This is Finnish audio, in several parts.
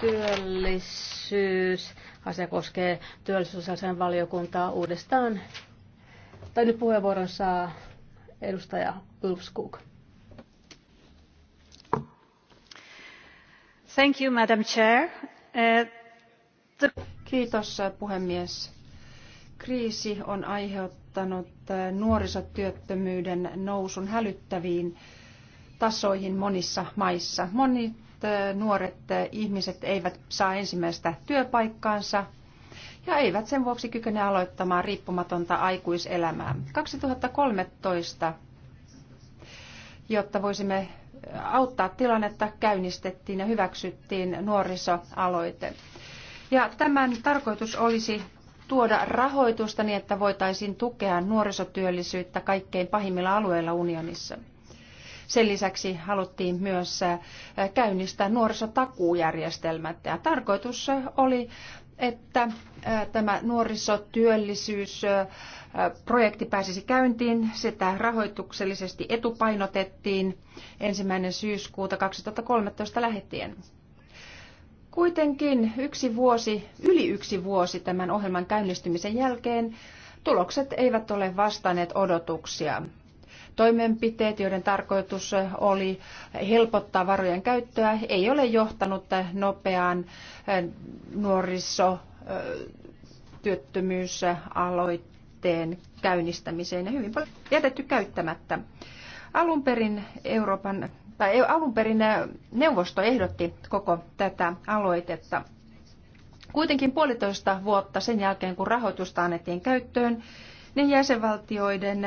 Työllisyys. Asia koskee työllisyysasian valiokuntaa uudestaan. Tai nyt puheenvuoron saa edustaja Ulfskog. Thank you, Madam Chair. Eh, Kiitos eh, puhemies. Kriisi on aiheuttanut eh, nuorisotyöttömyyden nousun hälyttäviin tasoihin monissa maissa. Moni nuoret ihmiset eivät saa ensimmäistä työpaikkaansa ja eivät sen vuoksi kykene aloittamaan riippumatonta aikuiselämää. 2013, jotta voisimme auttaa tilannetta, käynnistettiin ja hyväksyttiin nuorisoaloite. Ja tämän tarkoitus olisi tuoda rahoitusta niin, että voitaisiin tukea nuorisotyöllisyyttä kaikkein pahimmilla alueilla unionissa. Sen lisäksi haluttiin myös äh, käynnistää nuorisotakuujärjestelmät. Ja tarkoitus äh, oli, että äh, tämä nuorisotyöllisyysprojekti pääsisi käyntiin. Sitä rahoituksellisesti etupainotettiin ensimmäinen syyskuuta 2013 lähtien. Kuitenkin yksi vuosi, yli yksi vuosi tämän ohjelman käynnistymisen jälkeen tulokset eivät ole vastanneet odotuksia toimenpiteet, joiden tarkoitus oli helpottaa varojen käyttöä, ei ole johtanut nopeaan nuorisotyöttömyysaloitteen käynnistämiseen ja hyvin paljon jätetty käyttämättä. Alun perin, Euroopan, tai alun perin neuvosto ehdotti koko tätä aloitetta. Kuitenkin puolitoista vuotta sen jälkeen, kun rahoitusta annettiin käyttöön, niin jäsenvaltioiden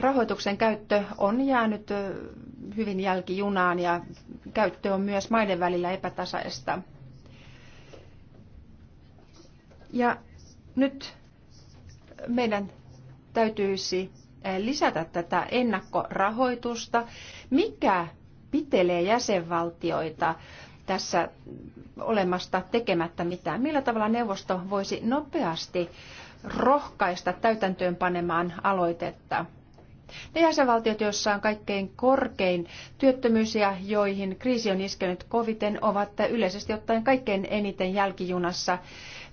rahoituksen käyttö on jäänyt hyvin jälkijunaan ja käyttö on myös maiden välillä epätasaista. Ja nyt meidän täytyisi lisätä tätä ennakkorahoitusta, mikä pitelee jäsenvaltioita tässä olemasta tekemättä mitään. Millä tavalla neuvosto voisi nopeasti rohkaista täytäntöönpanemaan aloitetta. Ne jäsenvaltiot, joissa on kaikkein korkein työttömyys ja joihin kriisi on iskenyt koviten, ovat yleisesti ottaen kaikkein eniten jälkijunassa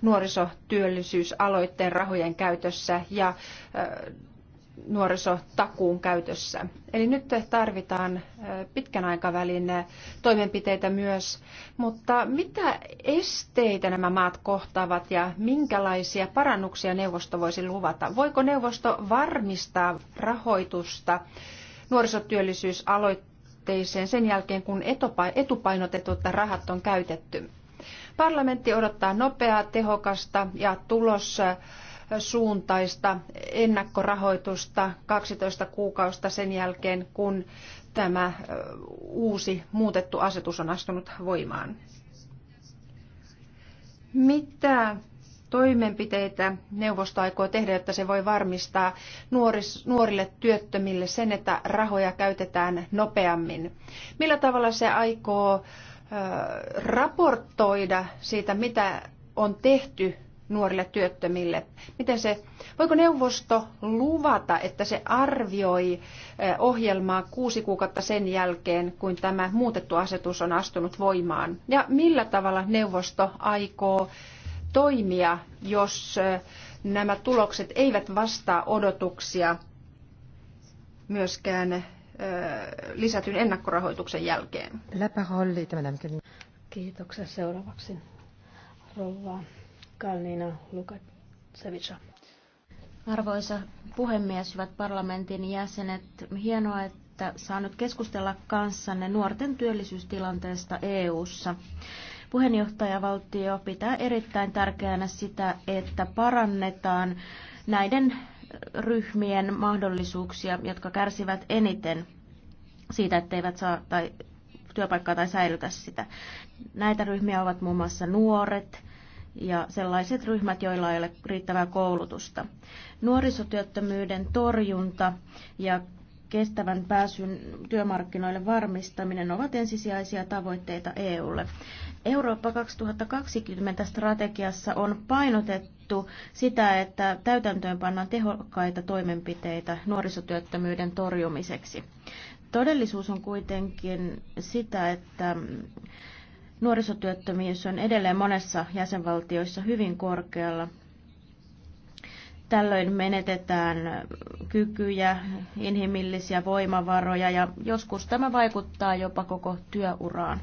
nuorisotyöllisyysaloitteen rahojen käytössä ja nuorisotakuun käytössä. Eli nyt tarvitaan pitkän aikavälin toimenpiteitä myös, mutta mitä esteitä nämä maat kohtaavat ja minkälaisia parannuksia neuvosto voisi luvata? Voiko neuvosto varmistaa rahoitusta nuorisotyöllisyysaloitteeseen sen jälkeen, kun etupainotetut rahat on käytetty? Parlamentti odottaa nopeaa, tehokasta ja tulossa suuntaista ennakkorahoitusta 12 kuukautta sen jälkeen, kun tämä uusi muutettu asetus on astunut voimaan. Mitä toimenpiteitä neuvosto aikoo tehdä, jotta se voi varmistaa nuoris, nuorille työttömille sen, että rahoja käytetään nopeammin? Millä tavalla se aikoo ö, raportoida siitä, mitä on tehty nuorille työttömille. Miten se, voiko neuvosto luvata, että se arvioi eh, ohjelmaa kuusi kuukautta sen jälkeen, kun tämä muutettu asetus on astunut voimaan? Ja millä tavalla neuvosto aikoo toimia, jos eh, nämä tulokset eivät vastaa odotuksia myöskään eh, lisätyn ennakkorahoituksen jälkeen? Kiitoksia seuraavaksi rouva Kalnina Lukasevitsa. Arvoisa puhemies, hyvät parlamentin jäsenet, hienoa, että saan nyt keskustella kanssanne nuorten työllisyystilanteesta EU:ssa. Puheenjohtajavaltio pitää erittäin tärkeänä sitä, että parannetaan näiden ryhmien mahdollisuuksia, jotka kärsivät eniten siitä, että eivät saa tai työpaikkaa tai säilytä sitä. Näitä ryhmiä ovat muun muassa nuoret, ja sellaiset ryhmät, joilla ei ole riittävää koulutusta. Nuorisotyöttömyyden torjunta ja kestävän pääsyn työmarkkinoille varmistaminen ovat ensisijaisia tavoitteita EUlle. Eurooppa 2020 strategiassa on painotettu sitä, että täytäntöön pannaan tehokkaita toimenpiteitä nuorisotyöttömyyden torjumiseksi. Todellisuus on kuitenkin sitä, että Nuorisotyöttömyys on edelleen monessa jäsenvaltioissa hyvin korkealla. Tällöin menetetään kykyjä, inhimillisiä voimavaroja ja joskus tämä vaikuttaa jopa koko työuraan.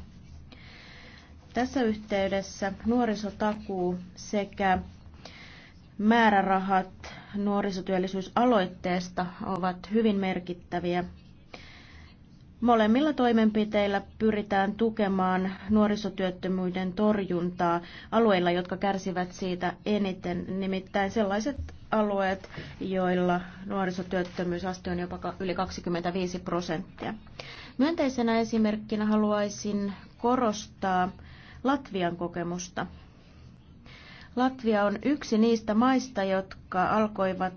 Tässä yhteydessä nuorisotakuu sekä määrärahat nuorisotyöllisyysaloitteesta ovat hyvin merkittäviä Molemmilla toimenpiteillä pyritään tukemaan nuorisotyöttömyyden torjuntaa alueilla, jotka kärsivät siitä eniten, nimittäin sellaiset alueet, joilla nuorisotyöttömyysaste on jopa yli 25 prosenttia. Myönteisenä esimerkkinä haluaisin korostaa Latvian kokemusta. Latvia on yksi niistä maista, jotka alkoivat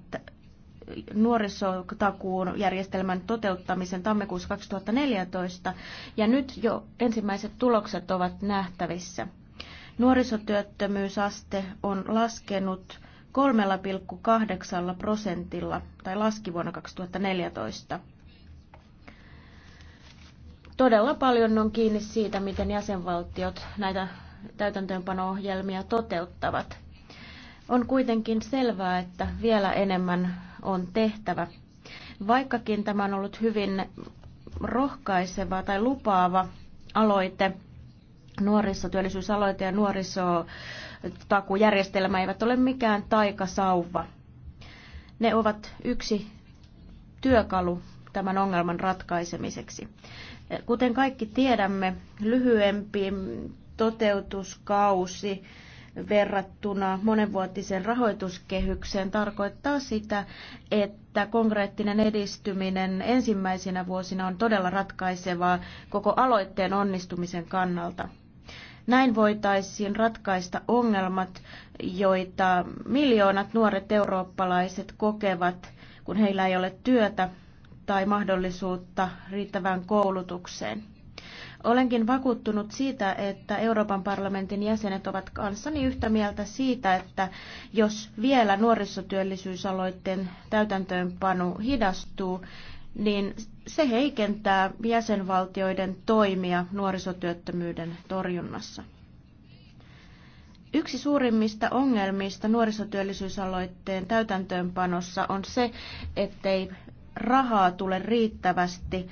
nuorisotakuun järjestelmän toteuttamisen tammikuussa 2014 ja nyt jo ensimmäiset tulokset ovat nähtävissä. Nuorisotyöttömyysaste on laskenut 3,8 prosentilla tai laski vuonna 2014. Todella paljon on kiinni siitä, miten jäsenvaltiot näitä täytäntöönpano-ohjelmia toteuttavat. On kuitenkin selvää, että vielä enemmän on tehtävä. Vaikkakin tämä on ollut hyvin rohkaiseva tai lupaava aloite, nuorisotyöllisyysaloite ja nuorisotakujärjestelmä eivät ole mikään taikasauva. Ne ovat yksi työkalu tämän ongelman ratkaisemiseksi. Kuten kaikki tiedämme, lyhyempi toteutuskausi verrattuna monenvuotiseen rahoituskehykseen tarkoittaa sitä, että konkreettinen edistyminen ensimmäisinä vuosina on todella ratkaisevaa koko aloitteen onnistumisen kannalta. Näin voitaisiin ratkaista ongelmat, joita miljoonat nuoret eurooppalaiset kokevat, kun heillä ei ole työtä tai mahdollisuutta riittävään koulutukseen. Olenkin vakuuttunut siitä, että Euroopan parlamentin jäsenet ovat kanssani yhtä mieltä siitä, että jos vielä nuorisotyöllisyysaloitteen täytäntöönpano hidastuu, niin se heikentää jäsenvaltioiden toimia nuorisotyöttömyyden torjunnassa. Yksi suurimmista ongelmista nuorisotyöllisyysaloitteen täytäntöönpanossa on se, ettei rahaa tule riittävästi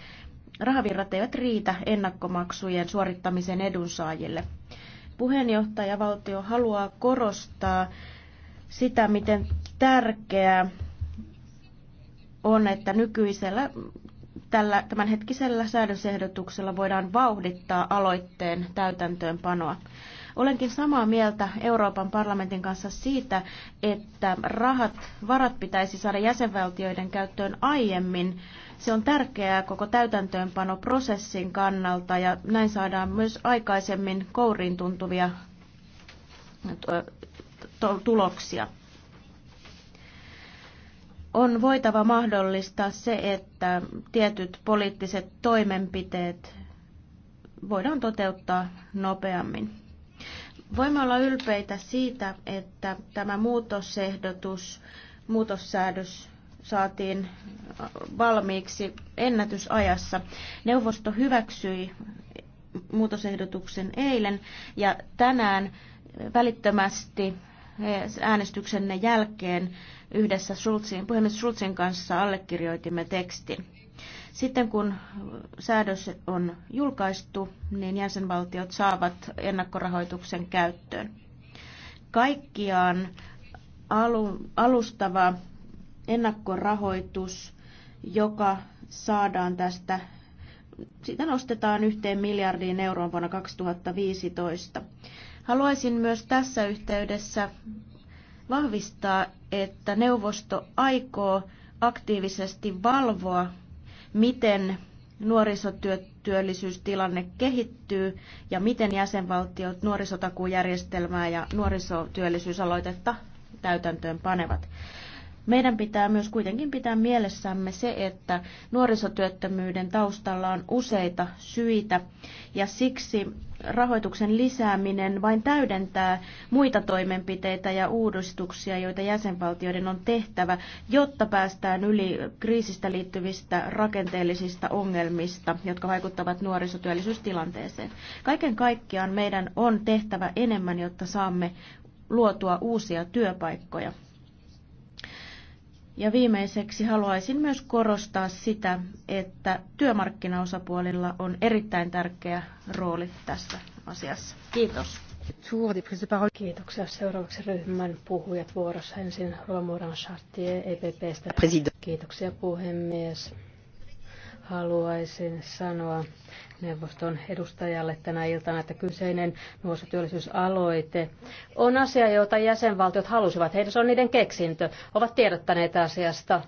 rahavirrat eivät riitä ennakkomaksujen suorittamisen edunsaajille. Puheenjohtaja Valtio haluaa korostaa sitä, miten tärkeää on, että nykyisellä tällä tämänhetkisellä säädösehdotuksella voidaan vauhdittaa aloitteen täytäntöönpanoa. Olenkin samaa mieltä Euroopan parlamentin kanssa siitä, että rahat, varat pitäisi saada jäsenvaltioiden käyttöön aiemmin. Se on tärkeää koko täytäntöönpanoprosessin kannalta ja näin saadaan myös aikaisemmin kouriin tuntuvia tuloksia on voitava mahdollistaa se, että tietyt poliittiset toimenpiteet voidaan toteuttaa nopeammin. Voimme olla ylpeitä siitä, että tämä muutosehdotus, muutossäädös saatiin valmiiksi ennätysajassa. Neuvosto hyväksyi muutosehdotuksen eilen ja tänään välittömästi äänestyksenne jälkeen yhdessä Schulzin, puhemies Schulzin kanssa allekirjoitimme tekstin. Sitten kun säädös on julkaistu, niin jäsenvaltiot saavat ennakkorahoituksen käyttöön. Kaikkiaan alu, alustava ennakkorahoitus, joka saadaan tästä, sitä nostetaan yhteen miljardiin euroon vuonna 2015. Haluaisin myös tässä yhteydessä vahvistaa, että neuvosto aikoo aktiivisesti valvoa miten nuorisotyöllisyystilanne kehittyy ja miten jäsenvaltiot nuorisotakuujärjestelmää ja nuorisotyöllisyysaloitetta täytäntöön panevat. Meidän pitää myös kuitenkin pitää mielessämme se, että nuorisotyöttömyyden taustalla on useita syitä ja siksi rahoituksen lisääminen vain täydentää muita toimenpiteitä ja uudistuksia, joita jäsenvaltioiden on tehtävä, jotta päästään yli kriisistä liittyvistä rakenteellisista ongelmista, jotka vaikuttavat nuorisotyöllisyystilanteeseen. Kaiken kaikkiaan meidän on tehtävä enemmän, jotta saamme luotua uusia työpaikkoja. Ja viimeiseksi haluaisin myös korostaa sitä, että työmarkkinaosapuolilla on erittäin tärkeä rooli tässä asiassa. Kiitos. Kiitoksia. Seuraavaksi ryhmän puhujat vuorossa ensin Romuran Chartier EPPstä. Kiitoksia puhemies haluaisin sanoa neuvoston edustajalle tänä iltana, että kyseinen nuorisotyöllisyysaloite on asia, jota jäsenvaltiot halusivat. Heidän on niiden keksintö. Ovat tiedottaneet asiasta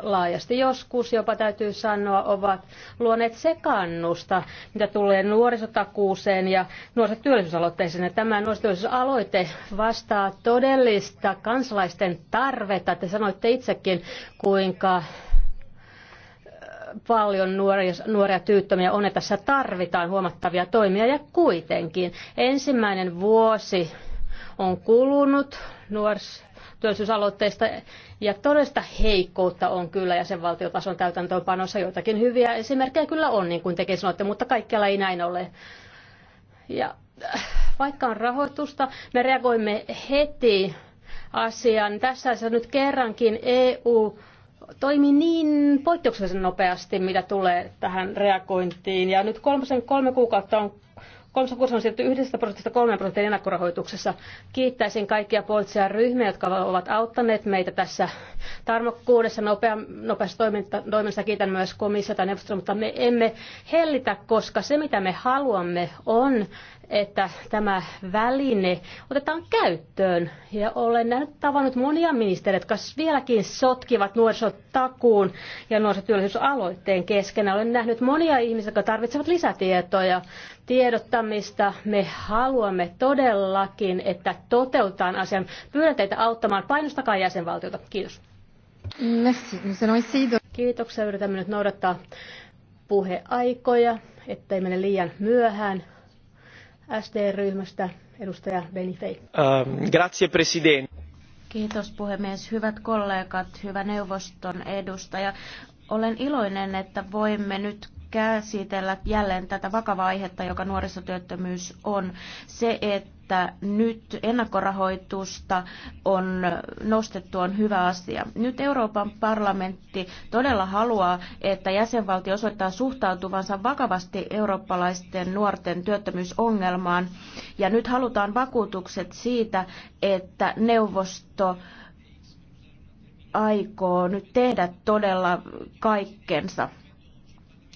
laajasti joskus, jopa täytyy sanoa, ovat luoneet sekannusta, mitä tulee nuorisotakuuseen ja nuorisotyöllisyysaloitteeseen. Ja tämä nuorisotyöllisyysaloite vastaa todellista kansalaisten tarvetta. Te sanoitte itsekin, kuinka paljon nuoria, nuoria tyyttömiä on, että tässä tarvitaan huomattavia toimia ja kuitenkin ensimmäinen vuosi on kulunut nuorisotyöllisyysaloitteista ja todellista heikkoutta on kyllä jäsenvaltiotason täytäntöönpanossa. Joitakin hyviä esimerkkejä kyllä on, niin kuin tekin sanoitte, mutta kaikkialla ei näin ole. Ja äh, vaikka on rahoitusta, me reagoimme heti asiaan. Tässä nyt kerrankin EU toimi niin poikkeuksellisen nopeasti, mitä tulee tähän reagointiin. Ja nyt kolmosen kolme kuukautta on Kolmessa kurssi on siirty yhdestä prosentista kolmeen prosentin ennakkorahoituksessa. Kiittäisin kaikkia poliittisia ryhmiä, jotka ovat auttaneet meitä tässä tarmokkuudessa nopea, nopeassa toiminnassa. Kiitän myös komissiota ja neuvostoa, mutta me emme hellitä, koska se mitä me haluamme on että tämä väline otetaan käyttöön. Ja olen nähnyt tavannut monia ministeriä, jotka vieläkin sotkivat nuorisotakuun ja nuorisotyöllisyysaloitteen kesken. Olen nähnyt monia ihmisiä, jotka tarvitsevat lisätietoja, tiedottamista. Me haluamme todellakin, että toteutetaan asian. Pyydän teitä auttamaan. Painostakaa jäsenvaltiota. Kiitos. Merci. Kiitoksia. Yritämme nyt noudattaa puheaikoja, ettei mene liian myöhään. SD-ryhmästä edustaja Benifei. Ähm, grazie president. Kiitos puhemies. Hyvät kollegat, hyvä neuvoston edustaja. Olen iloinen, että voimme nyt käsitellä jälleen tätä vakavaa aihetta, joka nuorisotyöttömyys on. Se, että että nyt ennakkorahoitusta on nostettu on hyvä asia. Nyt Euroopan parlamentti todella haluaa, että jäsenvaltio osoittaa suhtautuvansa vakavasti eurooppalaisten nuorten työttömyysongelmaan. Ja nyt halutaan vakuutukset siitä, että neuvosto aikoo nyt tehdä todella kaikkensa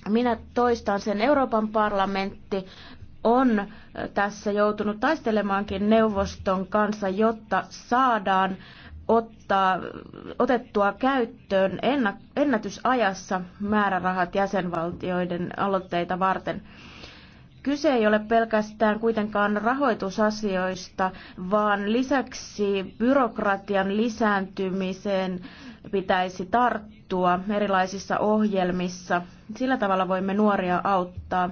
minä toistan sen, Euroopan parlamentti on tässä joutunut taistelemaankin neuvoston kanssa, jotta saadaan ottaa, otettua käyttöön ennätysajassa määrärahat jäsenvaltioiden aloitteita varten. Kyse ei ole pelkästään kuitenkaan rahoitusasioista, vaan lisäksi byrokratian lisääntymiseen pitäisi tarttua erilaisissa ohjelmissa. Sillä tavalla voimme nuoria auttaa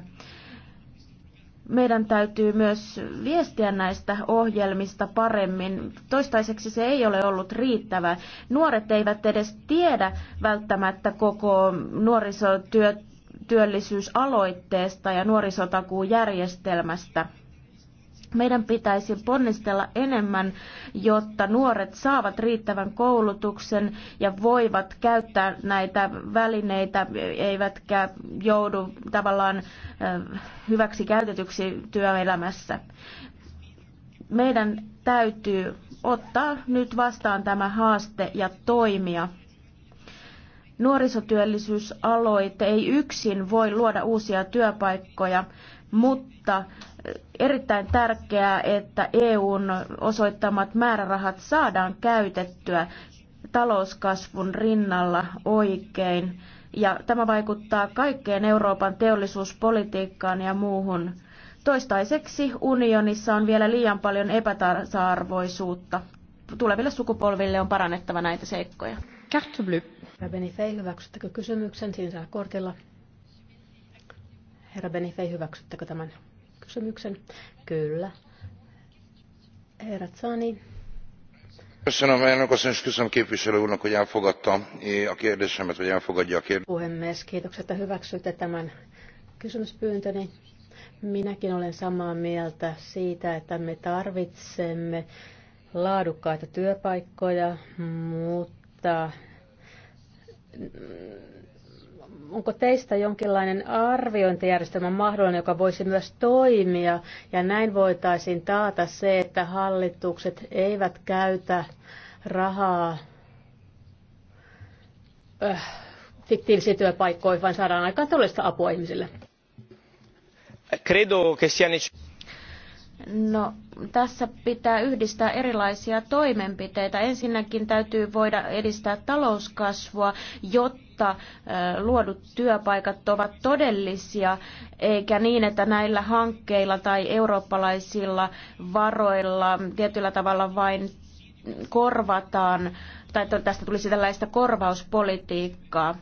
meidän täytyy myös viestiä näistä ohjelmista paremmin. Toistaiseksi se ei ole ollut riittävä. Nuoret eivät edes tiedä välttämättä koko nuorisotyöllisyysaloitteesta ja nuorisotakuujärjestelmästä meidän pitäisi ponnistella enemmän, jotta nuoret saavat riittävän koulutuksen ja voivat käyttää näitä välineitä, eivätkä joudu tavallaan hyväksi käytetyksi työelämässä. Meidän täytyy ottaa nyt vastaan tämä haaste ja toimia. Nuorisotyöllisyysaloite ei yksin voi luoda uusia työpaikkoja, mutta erittäin tärkeää, että EUn osoittamat määrärahat saadaan käytettyä talouskasvun rinnalla oikein. Ja tämä vaikuttaa kaikkeen Euroopan teollisuuspolitiikkaan ja muuhun. Toistaiseksi unionissa on vielä liian paljon epätasa-arvoisuutta. Tuleville sukupolville on parannettava näitä seikkoja. Carte Herra Benifei, hyväksyttekö kysymyksen sinisellä kortilla? Herra Benifei, hyväksyttekö tämän? kysymyksen? Kyllä. Herra Tsani. Köszönöm, elnök asszony, és köszönöm képviselő úrnak, hogy elfogadta eh, a kérdésemet, vagy elfogadja a kérdést. Puhemies, kiitokset, että hyväksytte tämän kysymyspyyntöni. Minäkin olen samaa mieltä siitä, että me tarvitsemme laadukkaita työpaikkoja, mutta onko teistä jonkinlainen arviointijärjestelmä mahdollinen, joka voisi myös toimia ja näin voitaisiin taata se, että hallitukset eivät käytä rahaa äh, fiktiivisiin työpaikkoihin, vaan saadaan aikaan todellista apua ihmisille? Credo che sia No, tässä pitää yhdistää erilaisia toimenpiteitä. Ensinnäkin täytyy voida edistää talouskasvua, jotta jotta luodut työpaikat ovat todellisia, eikä niin, että näillä hankkeilla tai eurooppalaisilla varoilla tietyllä tavalla vain korvataan, tai tästä tulisi tällaista korvauspolitiikkaa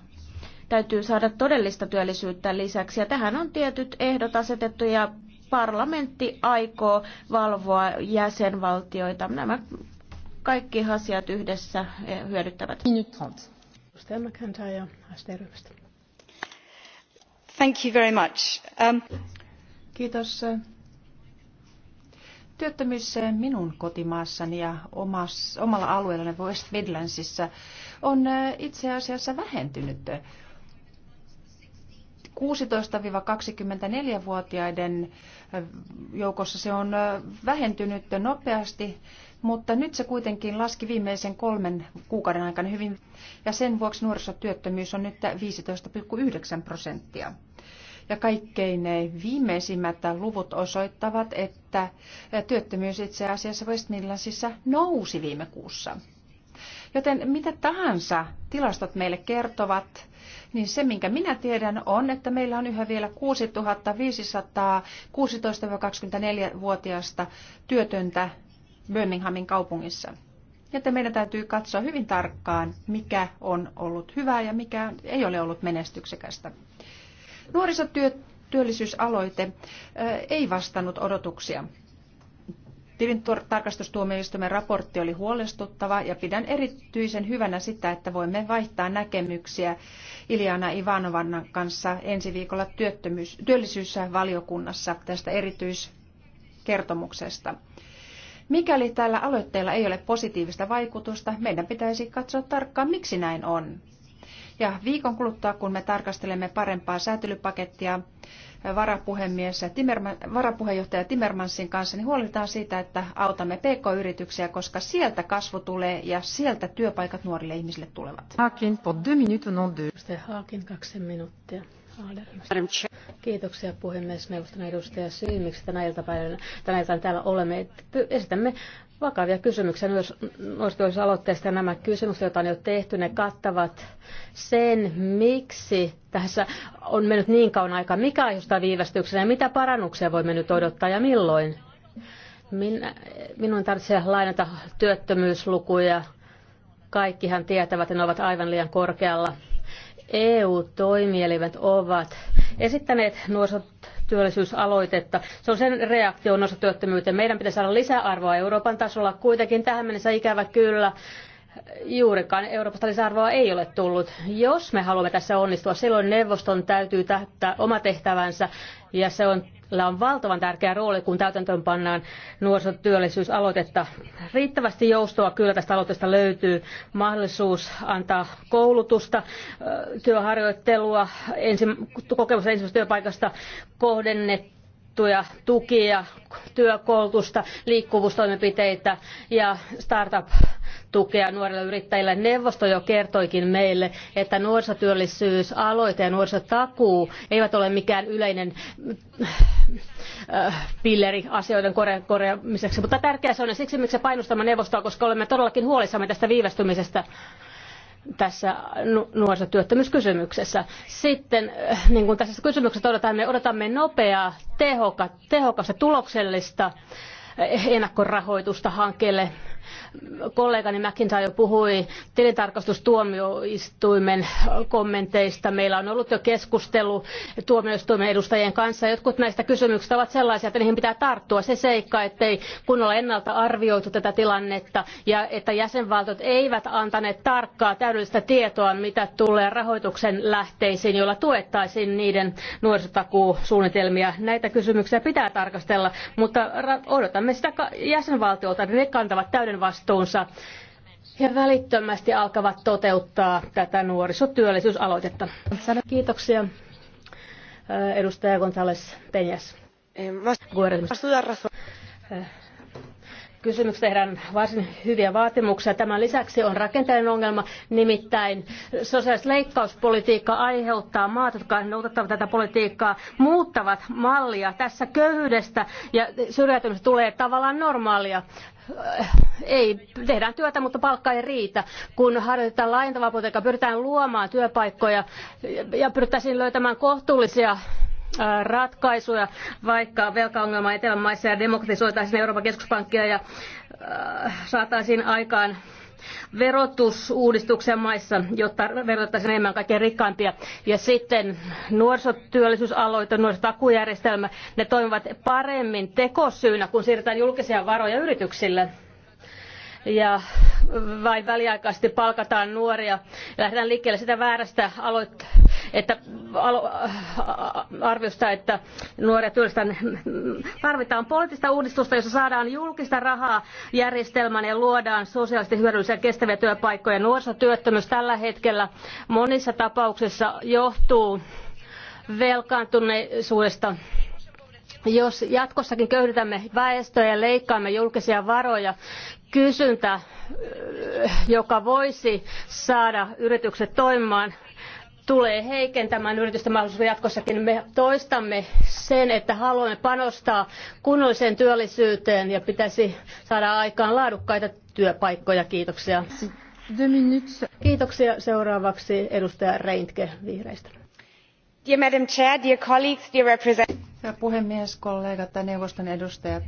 täytyy saada todellista työllisyyttä lisäksi. Ja tähän on tietyt ehdot asetettu ja parlamentti aikoo valvoa jäsenvaltioita. Nämä kaikki asiat yhdessä e, hyödyttävät. Edustaja McIntyre ST-ryhmästä. Thank you very much. Um... Kiitos. Työttömyys minun kotimaassani ja omas, omalla alueellani West Midlandsissa on äh, itse asiassa vähentynyt. 16-24-vuotiaiden äh, joukossa se on äh, vähentynyt nopeasti mutta nyt se kuitenkin laski viimeisen kolmen kuukauden aikana hyvin, ja sen vuoksi nuorisotyöttömyys on nyt 15,9 prosenttia. Ja kaikkein viimeisimmät luvut osoittavat, että työttömyys itse asiassa West Midlandsissa nousi viime kuussa. Joten mitä tahansa tilastot meille kertovat, niin se minkä minä tiedän on, että meillä on yhä vielä 6500 16-24-vuotiaasta työtöntä Birminghamin kaupungissa. Joten meidän täytyy katsoa hyvin tarkkaan, mikä on ollut hyvää ja mikä ei ole ollut menestyksekästä. Nuorisotyöllisyysaloite ei vastannut odotuksia. Tilintarkastustuomioistuimen raportti oli huolestuttava ja pidän erityisen hyvänä sitä, että voimme vaihtaa näkemyksiä Iljana Ivanovannan kanssa ensi viikolla työllisyysvaliokunnassa tästä erityiskertomuksesta. Mikäli tällä aloitteella ei ole positiivista vaikutusta, meidän pitäisi katsoa tarkkaan, miksi näin on. Ja viikon kuluttua, kun me tarkastelemme parempaa säätelypakettia varapuhemies Timmerman, varapuheenjohtaja Timmermansin kanssa, niin huolitaan siitä, että autamme PK-yrityksiä, koska sieltä kasvu tulee ja sieltä työpaikat nuorille ihmisille tulevat. Haakin, pour deux minutes, Haakin, kaksi minuuttia. Kiitoksia puhemies neuvoston edustaja syy, miksi tänä iltapäivänä tänä iltapäivänä täällä olemme. Esitämme vakavia kysymyksiä myös nuorisotyöllisyysaloitteesta. Nämä kysymykset, joita on jo tehty, ne kattavat sen, miksi tässä on mennyt niin kauan aikaa, mikä aiheuttaa viivästyksen ja mitä parannuksia voimme nyt odottaa ja milloin. Minä, minun tarvitsee lainata työttömyyslukuja. Kaikkihan tietävät, että ne ovat aivan liian korkealla EU-toimielivät ovat esittäneet nuorisotyöllisyysaloitetta. Se on sen reaktio nuorisotyöttömyyteen. Meidän pitäisi saada lisäarvoa Euroopan tasolla. Kuitenkin tähän mennessä ikävä kyllä juurikaan Euroopasta lisäarvoa ei ole tullut. Jos me haluamme tässä onnistua, silloin neuvoston täytyy täyttää oma tehtävänsä ja se on sillä on valtavan tärkeä rooli, kun täytäntöönpannaan nuorisotyöllisyysaloitetta. Riittävästi joustoa kyllä tästä aloitteesta löytyy. Mahdollisuus antaa koulutusta, työharjoittelua, ensi, kokemusta ensimmäisestä työpaikasta kohdennettuja tukia, työkoulutusta, liikkuvuustoimenpiteitä ja startup tukea nuorille yrittäjille. Neuvosto jo kertoikin meille, että nuorisotyöllisyysaloite ja nuorisotakuu eivät ole mikään yleinen äh, äh, pilleri asioiden korjaamiseksi, mutta tärkeää se on ja siksi miksi painostamme neuvostoa, koska olemme todellakin huolissamme tästä viivästymisestä tässä nuorisotyöttömyyskysymyksessä. Sitten, äh, niin kuin tässä kysymyksessä todetaan, me odotamme nopeaa, tehokasta, tehokasta tuloksellista ennakkorahoitusta hankkeelle Kollegani McIntyre jo puhui tilintarkastustuomioistuimen kommenteista. Meillä on ollut jo keskustelu tuomioistuimen edustajien kanssa. Jotkut näistä kysymyksistä ovat sellaisia, että niihin pitää tarttua. Se seikka, ettei kunnolla ennalta arvioitu tätä tilannetta ja että jäsenvaltiot eivät antaneet tarkkaa täydellistä tietoa, mitä tulee rahoituksen lähteisiin, joilla tuettaisiin niiden nuorisotakuusuunnitelmia. Näitä kysymyksiä pitää tarkastella, mutta odotamme sitä jäsenvaltiolta, että ne kantavat täyden vastuunsa ja välittömästi alkavat toteuttaa tätä nuorisotyöllisyysaloitetta. Kiitoksia edustaja González Peñas. Eh, eh, Kysymys tehdään varsin hyviä vaatimuksia. Tämän lisäksi on rakenteellinen ongelma, nimittäin sosiaalista leikkauspolitiikka aiheuttaa maat, jotka noudattavat tätä politiikkaa, muuttavat mallia. Tässä köyhyydestä ja syrjäytymisestä tulee tavallaan normaalia ei, tehdään työtä, mutta palkka ei riitä. Kun harjoitetaan laajentavaa politiikkaa, pyritään luomaan työpaikkoja ja pyrittäisiin löytämään kohtuullisia ratkaisuja, vaikka velkaongelma maissa ja demokratisoitaisiin Euroopan keskuspankkia ja saataisiin aikaan verotusuudistuksia maissa, jotta verotettaisiin enemmän kaikkein rikkaimpia. Ja sitten nuorisotyöllisyysaloite, nuorisotakujärjestelmä, ne toimivat paremmin tekosyynä, kun siirretään julkisia varoja yrityksille ja vain väliaikaisesti palkataan nuoria. Lähdetään liikkeelle sitä väärästä että, äh, arviosta, että nuoria työllistetään. Tarvitaan poliittista uudistusta, jossa saadaan julkista rahaa järjestelmään ja luodaan sosiaalisesti hyödyllisiä kestäviä työpaikkoja. Nuorisotyöttömyys tällä hetkellä monissa tapauksissa johtuu velkaantuneisuudesta jos jatkossakin köyhdytämme väestöä ja leikkaamme julkisia varoja, kysyntä, äh, joka voisi saada yritykset toimimaan, tulee heikentämään yritysten mahdollisuuksia jatkossakin. Me toistamme sen, että haluamme panostaa kunnolliseen työllisyyteen ja pitäisi saada aikaan laadukkaita työpaikkoja. Kiitoksia. Kiitoksia. Seuraavaksi edustaja Reintke vihreistä arvoisa puhemies, kollegat ja neuvoston edustajat.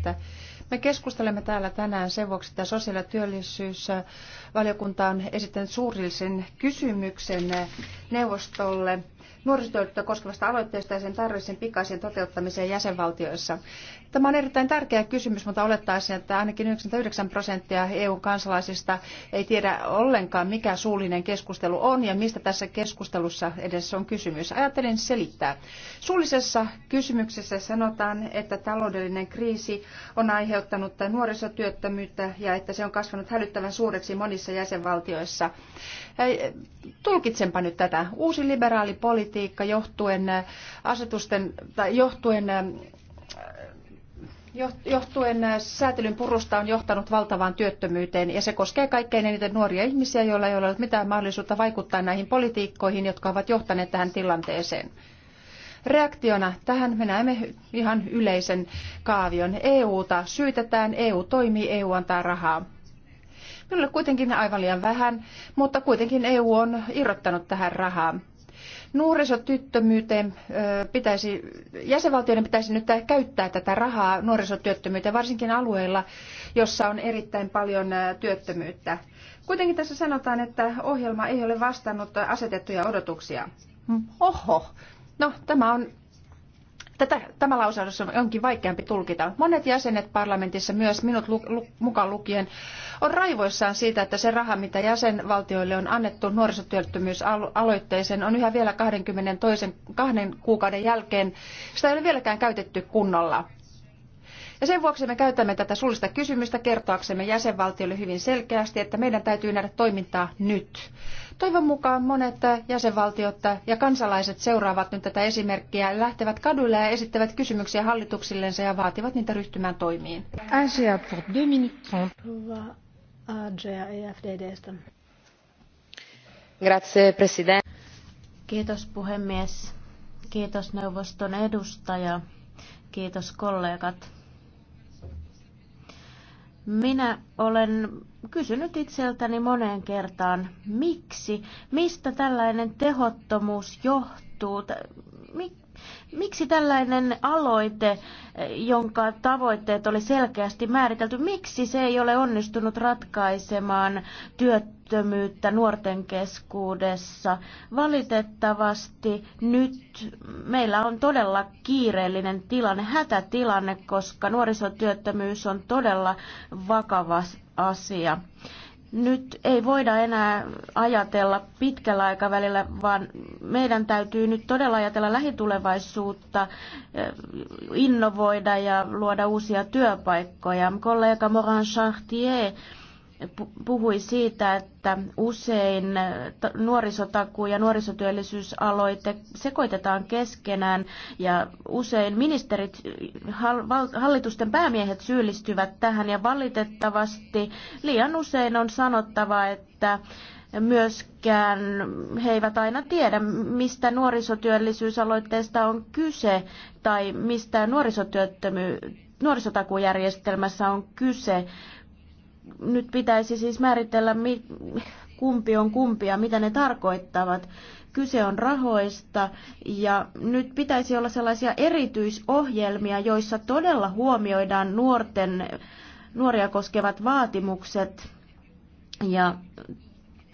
Me keskustelemme täällä tänään sen vuoksi, että sosiaali- ja työllisyysvaliokunta on esittänyt suullisen kysymyksen neuvostolle – nuorisotyötä koskevasta aloitteesta ja sen tarvitsen pikaisen toteuttamiseen jäsenvaltioissa. Tämä on erittäin tärkeä kysymys, mutta olettaisin, että ainakin 99 prosenttia EU-kansalaisista ei tiedä ollenkaan, mikä suullinen keskustelu on ja mistä tässä keskustelussa edessä on kysymys. Ajattelin selittää. Suullisessa kysymyksessä sanotaan, että taloudellinen kriisi on aiheuttanut nuorisotyöttömyyttä ja että se on kasvanut hälyttävän suureksi monissa jäsenvaltioissa. Tulkitsenpa nyt tätä. Uusi liberaali poli politiikka johtuen äh, asetusten tai johtuen äh, johtuen äh, säätelyn purusta on johtanut valtavaan työttömyyteen ja se koskee kaikkein eniten nuoria ihmisiä, joilla ei ole ollut mitään mahdollisuutta vaikuttaa näihin politiikkoihin, jotka ovat johtaneet tähän tilanteeseen. Reaktiona tähän me näemme ihan yleisen kaavion. EUta syytetään, EU toimii, EU antaa rahaa. Minulle kuitenkin aivan liian vähän, mutta kuitenkin EU on irrottanut tähän rahaa. Nuorisotyöttömyyteen pitäisi, jäsenvaltioiden pitäisi nyt käyttää tätä rahaa nuorisotyöttömyyteen, varsinkin alueilla, jossa on erittäin paljon työttömyyttä. Kuitenkin tässä sanotaan, että ohjelma ei ole vastannut asetettuja odotuksia. Oho, no tämä on Tätä, tämä lausahdus onkin vaikeampi tulkita. Monet jäsenet parlamentissa, myös minut lu, lu, mukaan lukien, on raivoissaan siitä, että se raha, mitä jäsenvaltioille on annettu nuorisotyöttömyysaloitteeseen, on yhä vielä 22 kahden kuukauden jälkeen. Sitä ei ole vieläkään käytetty kunnolla. Ja sen vuoksi me käytämme tätä suullista kysymystä kertoaksemme jäsenvaltioille hyvin selkeästi, että meidän täytyy nähdä toimintaa nyt. Toivon mukaan monet jäsenvaltiot ja kansalaiset seuraavat nyt tätä esimerkkiä, lähtevät kaduille ja esittävät kysymyksiä hallituksillensa ja vaativat niitä ryhtymään toimiin. Asia pour 2 minutes 30. Adria EFDDstä. Grazie, president. Kiitos puhemies. Kiitos neuvoston edustaja. Kiitos kollegat. Minä olen kysynyt itseltäni moneen kertaan, miksi, mistä tällainen tehottomuus johtuu, Miksi tällainen aloite, jonka tavoitteet oli selkeästi määritelty, miksi se ei ole onnistunut ratkaisemaan työttömyyttä nuorten keskuudessa? Valitettavasti nyt meillä on todella kiireellinen tilanne, hätätilanne, koska nuorisotyöttömyys on todella vakava asia. Nyt ei voida enää ajatella pitkällä aikavälillä, vaan meidän täytyy nyt todella ajatella lähitulevaisuutta, eh, innovoida ja luoda uusia työpaikkoja. Kollega Moran Chartier puhui siitä, että usein äh, nuorisotakuu ja nuorisotyöllisyysaloite sekoitetaan keskenään ja usein ministerit, hallitusten päämiehet syyllistyvät tähän ja valitettavasti liian usein on sanottava, että myöskään he eivät aina tiedä, mistä nuorisotyöllisyysaloitteesta on kyse tai mistä nuorisotyöttömy- nuorisotakujärjestelmässä on kyse nyt pitäisi siis määritellä, kumpi on kumpia, mitä ne tarkoittavat. Kyse on rahoista ja nyt pitäisi olla sellaisia erityisohjelmia, joissa todella huomioidaan nuorten, nuoria koskevat vaatimukset ja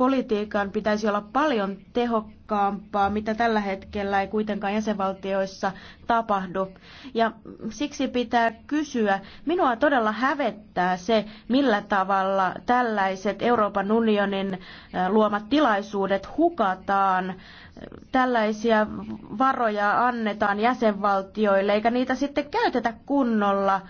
politiikan pitäisi olla paljon tehokkaampaa, mitä tällä hetkellä ei kuitenkaan jäsenvaltioissa tapahdu. Ja siksi pitää kysyä, minua todella hävettää se, millä tavalla tällaiset Euroopan unionin luomat tilaisuudet hukataan. Tällaisia varoja annetaan jäsenvaltioille, eikä niitä sitten käytetä kunnolla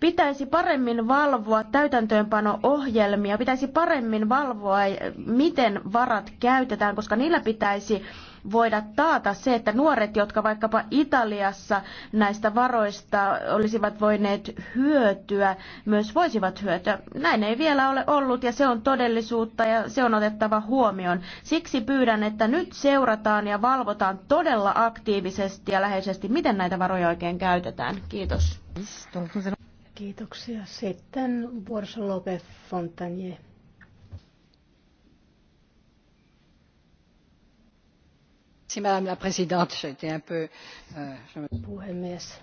Pitäisi paremmin valvoa täytäntöönpano-ohjelmia, pitäisi paremmin valvoa, miten varat käytetään, koska niillä pitäisi voida taata se, että nuoret, jotka vaikkapa Italiassa näistä varoista olisivat voineet hyötyä, myös voisivat hyötyä. Näin ei vielä ole ollut ja se on todellisuutta ja se on otettava huomioon. Siksi pyydän, että nyt seurataan ja valvotaan todella aktiivisesti ja läheisesti, miten näitä varoja oikein käytetään. Kiitos. Kiitoksia. Sitten vuorossa Lope Fontanier. Madame la Présidente, j'étais un peu... Euh, puhemies,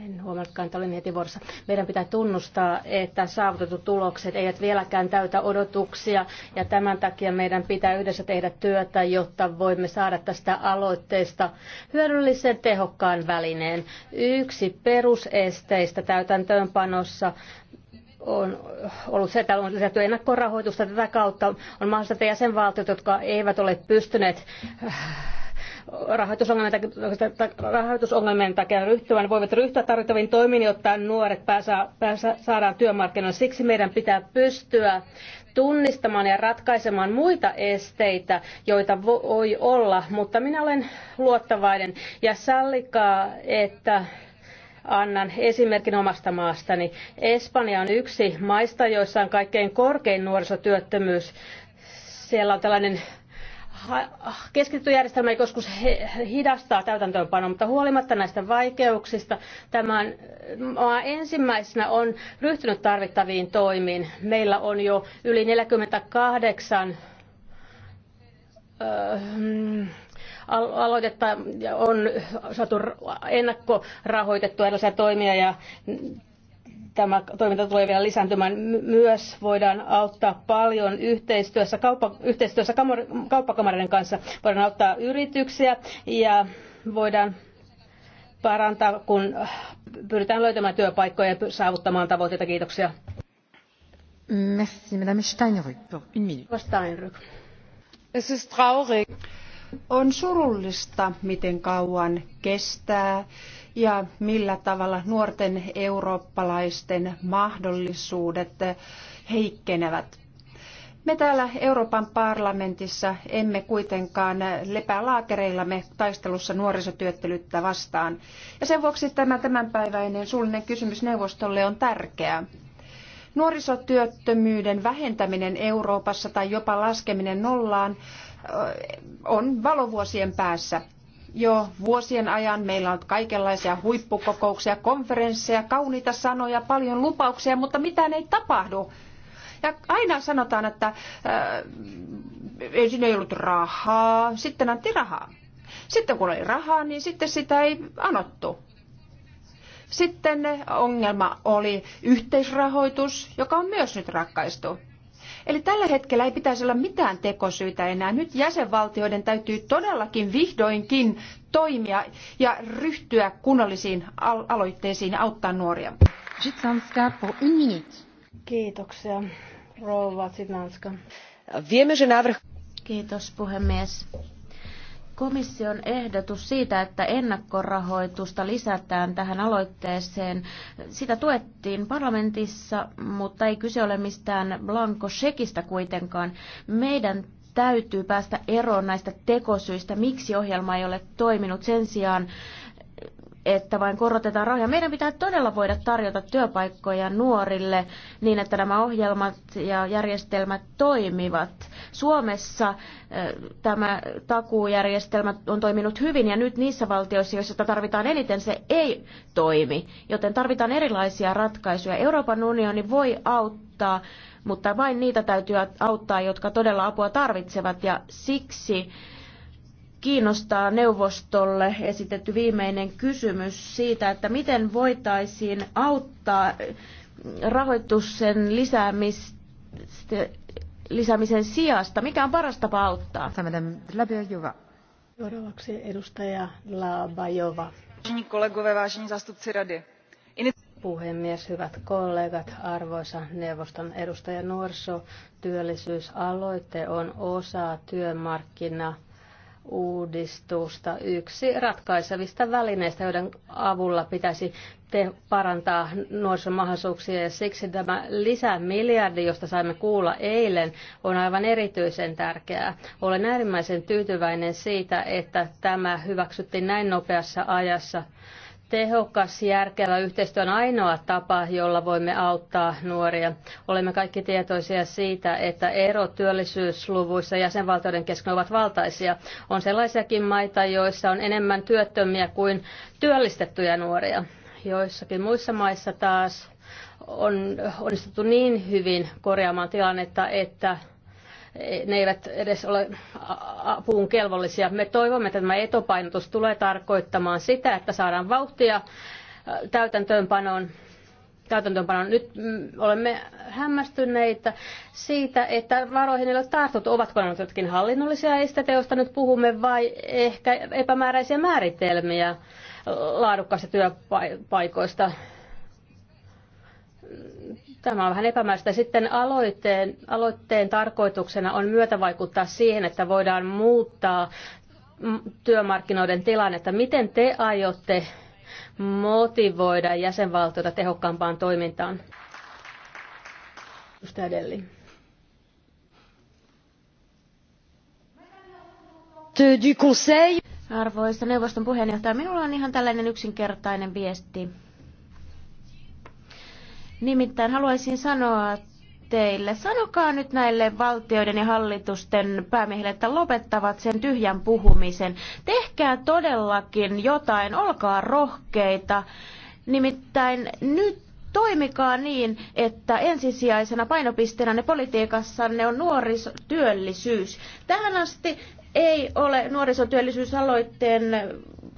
en huomannutkaan, että olin heti vuorossa. Meidän pitää tunnustaa, että saavutetut tulokset eivät vieläkään täytä odotuksia ja tämän takia meidän pitää yhdessä tehdä työtä, jotta voimme saada tästä aloitteesta hyödyllisen tehokkaan välineen. Yksi perusesteistä täytäntöönpanossa on ollut se, että on lisätty ennakkorahoitusta. Tätä kautta on mahdollista, että jäsenvaltiot, jotka eivät ole pystyneet rahoitusongelmien takia ryhtyvän voivat ryhtyä tarvittaviin toimiin, jotta nuoret pääsää, saadaan työmarkkinoille. Siksi meidän pitää pystyä tunnistamaan ja ratkaisemaan muita esteitä, joita voi olla, mutta minä olen luottavainen ja sallikaa, että annan esimerkin omasta maastani. Espanja on yksi maista, joissa on kaikkein korkein nuorisotyöttömyys. Siellä on tällainen Ah, keskitetty järjestelmä ei joskus hidastaa täytäntöönpanoa, mutta huolimatta näistä vaikeuksista tämä maa ensimmäisenä on ryhtynyt tarvittaviin toimiin. Meillä on jo yli 48 öö, aloitetta on saatu ennakkorahoitettua erilaisia toimia ja tämä toiminta tulee vielä lisääntymään. Myös voidaan auttaa paljon yhteistyössä, kauppa, yhteistyössä kauppakamareiden kanssa. Voidaan auttaa yrityksiä ja voidaan parantaa, kun pyritään löytämään työpaikkoja ja saavuttamaan tavoitteita. Kiitoksia. Merci, Madame Steinrück, Steinrück. Es ist traurig. On surullista, miten kauan kestää ja millä tavalla nuorten eurooppalaisten mahdollisuudet heikkenevät. Me täällä Euroopan parlamentissa emme kuitenkaan lepää laakereillamme taistelussa nuorisotyöttelyyttä vastaan. Ja sen vuoksi tämä tämänpäiväinen suullinen kysymys neuvostolle on tärkeä. Nuorisotyöttömyyden vähentäminen Euroopassa tai jopa laskeminen nollaan on valovuosien päässä jo vuosien ajan. Meillä on kaikenlaisia huippukokouksia, konferensseja, kauniita sanoja, paljon lupauksia, mutta mitään ei tapahdu. Ja aina sanotaan, että äh, ensin ei ollut rahaa, sitten anti rahaa. Sitten kun oli rahaa, niin sitten sitä ei anottu. Sitten ongelma oli yhteisrahoitus, joka on myös nyt rakkaistu. Eli tällä hetkellä ei pitäisi olla mitään tekosyitä enää. Nyt jäsenvaltioiden täytyy todellakin vihdoinkin toimia ja ryhtyä kunnollisiin aloitteisiin ja auttaa nuoria. Kiitoksia, rouva Sitnanska. Kiitos puhemies. Komission ehdotus siitä, että ennakkorahoitusta lisätään tähän aloitteeseen, sitä tuettiin parlamentissa, mutta ei kyse ole mistään blankosekistä kuitenkaan. Meidän täytyy päästä eroon näistä tekosyistä, miksi ohjelma ei ole toiminut sen sijaan että vain korotetaan rahoja. Meidän pitää todella voida tarjota työpaikkoja nuorille niin, että nämä ohjelmat ja järjestelmät toimivat. Suomessa tämä takuujärjestelmä on toiminut hyvin ja nyt niissä valtioissa, joissa sitä tarvitaan eniten, se ei toimi. Joten tarvitaan erilaisia ratkaisuja. Euroopan unioni voi auttaa, mutta vain niitä täytyy auttaa, jotka todella apua tarvitsevat ja siksi kiinnostaa neuvostolle esitetty viimeinen kysymys siitä, että miten voitaisiin auttaa rahoituksen lisäämistä, lisäämisen sijasta. Mikä on paras tapa auttaa? Seuraavaksi edustaja Labajova. Kollegove, vážení zástupci Puhemies, hyvät kollegat, arvoisa neuvoston edustaja nuorso työllisyysaloite on osa työmarkkina uudistusta yksi ratkaisevista välineistä, joiden avulla pitäisi te- parantaa nuorison mahdollisuuksia. Ja siksi tämä lisämiljardi, josta saimme kuulla eilen, on aivan erityisen tärkeää. Olen äärimmäisen tyytyväinen siitä, että tämä hyväksyttiin näin nopeassa ajassa Tehokas, järkevä yhteistyö on ainoa tapa, jolla voimme auttaa nuoria. Olemme kaikki tietoisia siitä, että erot työllisyysluvuissa jäsenvaltioiden kesken ovat valtaisia. On sellaisiakin maita, joissa on enemmän työttömiä kuin työllistettyjä nuoria. Joissakin muissa maissa taas on onnistuttu niin hyvin korjaamaan tilannetta, että ne eivät edes ole apuun kelvollisia. Me toivomme, että tämä etopainotus tulee tarkoittamaan sitä, että saadaan vauhtia täytäntöönpanoon Täytäntöönpanoon Nyt mm, olemme hämmästyneitä siitä, että varoihin ei ole tartuttu. Ovatko ne jotkin hallinnollisia esteitä, joista nyt puhumme, vai ehkä epämääräisiä määritelmiä laadukkaista työpaikoista? Tämä on vähän epämääräistä. Sitten aloitteen, aloitteen tarkoituksena on myötävaikuttaa siihen, että voidaan muuttaa työmarkkinoiden tilannetta. Miten te aiotte motivoida jäsenvaltiota tehokkaampaan toimintaan? Arvoisa neuvoston puheenjohtaja, minulla on ihan tällainen yksinkertainen viesti Nimittäin haluaisin sanoa teille, sanokaa nyt näille valtioiden ja hallitusten päämiehille, että lopettavat sen tyhjän puhumisen. Tehkää todellakin jotain, olkaa rohkeita. Nimittäin nyt toimikaa niin, että ensisijaisena painopisteenä ne politiikassanne on nuorisotyöllisyys. Tähän asti ei ole nuorisotyöllisyysaloitteen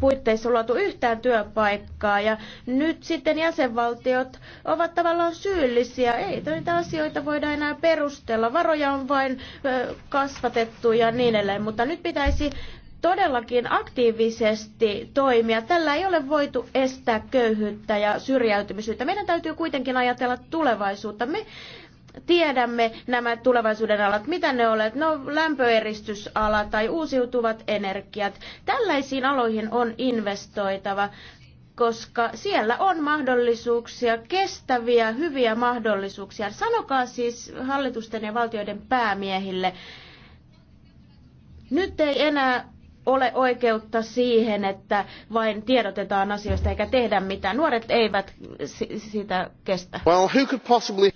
puitteissa luotu yhtään työpaikkaa ja nyt sitten jäsenvaltiot ovat tavallaan syyllisiä. Ei niitä asioita voida enää perustella. Varoja on vain kasvatettu ja niin edelleen, mutta nyt pitäisi todellakin aktiivisesti toimia. Tällä ei ole voitu estää köyhyyttä ja syrjäytymisyyttä. Meidän täytyy kuitenkin ajatella tulevaisuutta. Me tiedämme nämä tulevaisuuden alat. Mitä ne ovat? No lämpöeristysala tai uusiutuvat energiat. Tällaisiin aloihin on investoitava, koska siellä on mahdollisuuksia, kestäviä, hyviä mahdollisuuksia. Sanokaa siis hallitusten ja valtioiden päämiehille, nyt ei enää ole oikeutta siihen, että vain tiedotetaan asioista eikä tehdä mitään. Nuoret eivät sitä kestä. Well, who could possibly...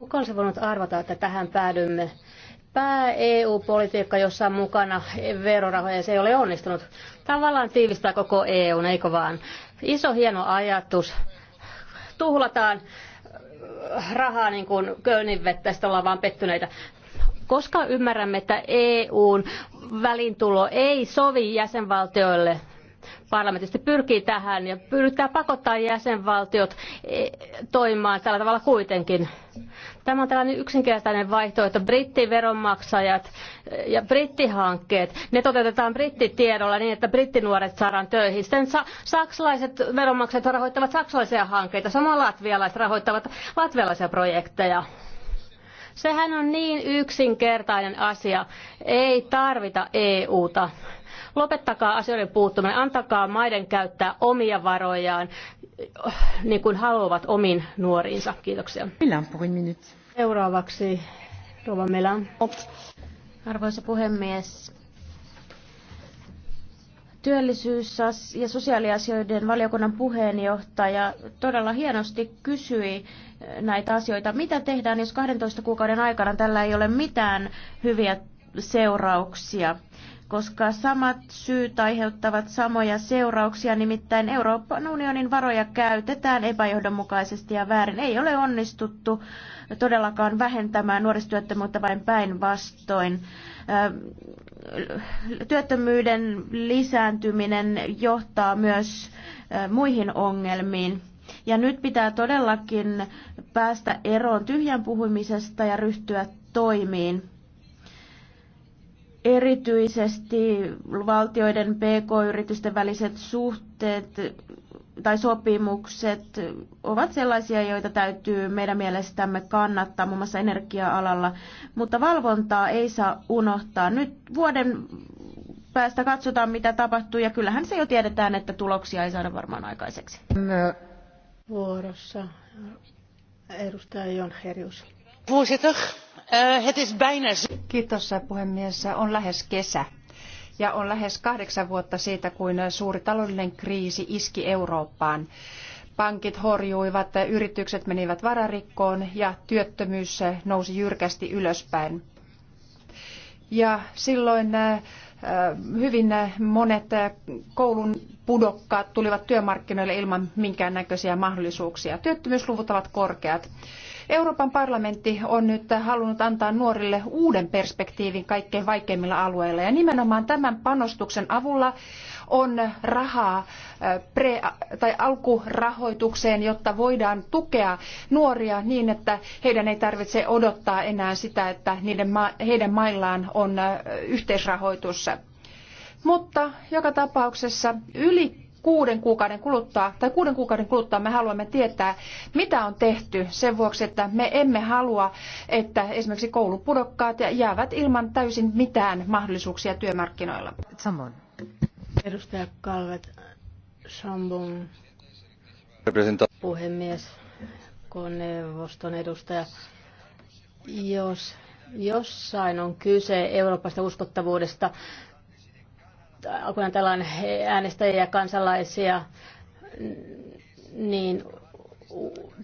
Kuka olisi voinut arvata, että tähän päädymme? pää-EU-politiikka, jossa on mukana verorahoja, se ei ole onnistunut. Tavallaan tiivistää koko EU, eikö vaan? Iso hieno ajatus. Tuhlataan äh, rahaa niin kuin köynin vettä, sitten ollaan vaan pettyneitä koska ymmärrämme, että EUn välintulo ei sovi jäsenvaltioille parlamentti pyrkii tähän ja yrittää pakottaa jäsenvaltiot e, toimimaan tällä tavalla kuitenkin. Tämä on tällainen yksinkertainen vaihtoehto. Brittiveronmaksajat ja brittihankkeet, ne toteutetaan brittitiedolla niin, että brittinuoret saadaan töihin. Sitten saksalaiset veronmaksajat rahoittavat saksalaisia hankkeita, samoin latvialaiset rahoittavat latvialaisia projekteja. Sehän on niin yksinkertainen asia. Ei tarvita EUta. Lopettakaa asioiden puuttuminen, antakaa maiden käyttää omia varojaan niin kuin haluavat omiin nuoriinsa. Kiitoksia. Seuraavaksi Rova Melan. Arvoisa puhemies, työllisyys- ja sosiaaliasioiden valiokunnan puheenjohtaja todella hienosti kysyi eh, näitä asioita. Mitä tehdään, jos 12 kuukauden aikana tällä ei ole mitään hyviä seurauksia? Koska samat syyt aiheuttavat samoja seurauksia, nimittäin Euroopan unionin varoja käytetään epäjohdonmukaisesti ja väärin. Ei ole onnistuttu todellakaan vähentämään nuorisotyöttömyyttä vain päinvastoin työttömyyden lisääntyminen johtaa myös muihin ongelmiin. Ja nyt pitää todellakin päästä eroon tyhjän puhumisesta ja ryhtyä toimiin. Erityisesti valtioiden PK-yritysten väliset suhteet tai sopimukset ovat sellaisia, joita täytyy meidän mielestämme kannattaa muun muassa energia-alalla, mutta valvontaa ei saa unohtaa. Nyt vuoden päästä katsotaan, mitä tapahtuu, ja kyllähän se jo tiedetään, että tuloksia ei saada varmaan aikaiseksi. Vuorossa edustaja Jon Herjus. Voorzitter, eh, het is bijna... Kiitos eh, puhemies. On lähes kesä ja on lähes kahdeksan vuotta siitä, kun suuri taloudellinen kriisi iski Eurooppaan. Pankit horjuivat, yritykset menivät vararikkoon ja työttömyys nousi jyrkästi ylöspäin. Ja silloin äh, hyvin monet koulun pudokkaat tulivat työmarkkinoille ilman minkäännäköisiä mahdollisuuksia. Työttömyysluvut ovat korkeat. Euroopan parlamentti on nyt halunnut antaa nuorille uuden perspektiivin kaikkein vaikeimmilla alueilla ja nimenomaan tämän panostuksen avulla on rahaa pre- tai alkurahoitukseen, jotta voidaan tukea nuoria niin, että heidän ei tarvitse odottaa enää sitä, että heidän maillaan on yhteisrahoitus. Mutta joka tapauksessa yli kuuden kuukauden kuluttua, tai kuuden kuukauden kuluttua me haluamme tietää, mitä on tehty sen vuoksi, että me emme halua, että esimerkiksi koulupudokkaat jäävät ilman täysin mitään mahdollisuuksia työmarkkinoilla. Samoin. Edustaja Kalvet, Sambon puhemies, koneuvoston edustaja. Jos jossain on kyse Euroopasta uskottavuudesta, kun ajatellaan äänestäjiä ja kansalaisia, niin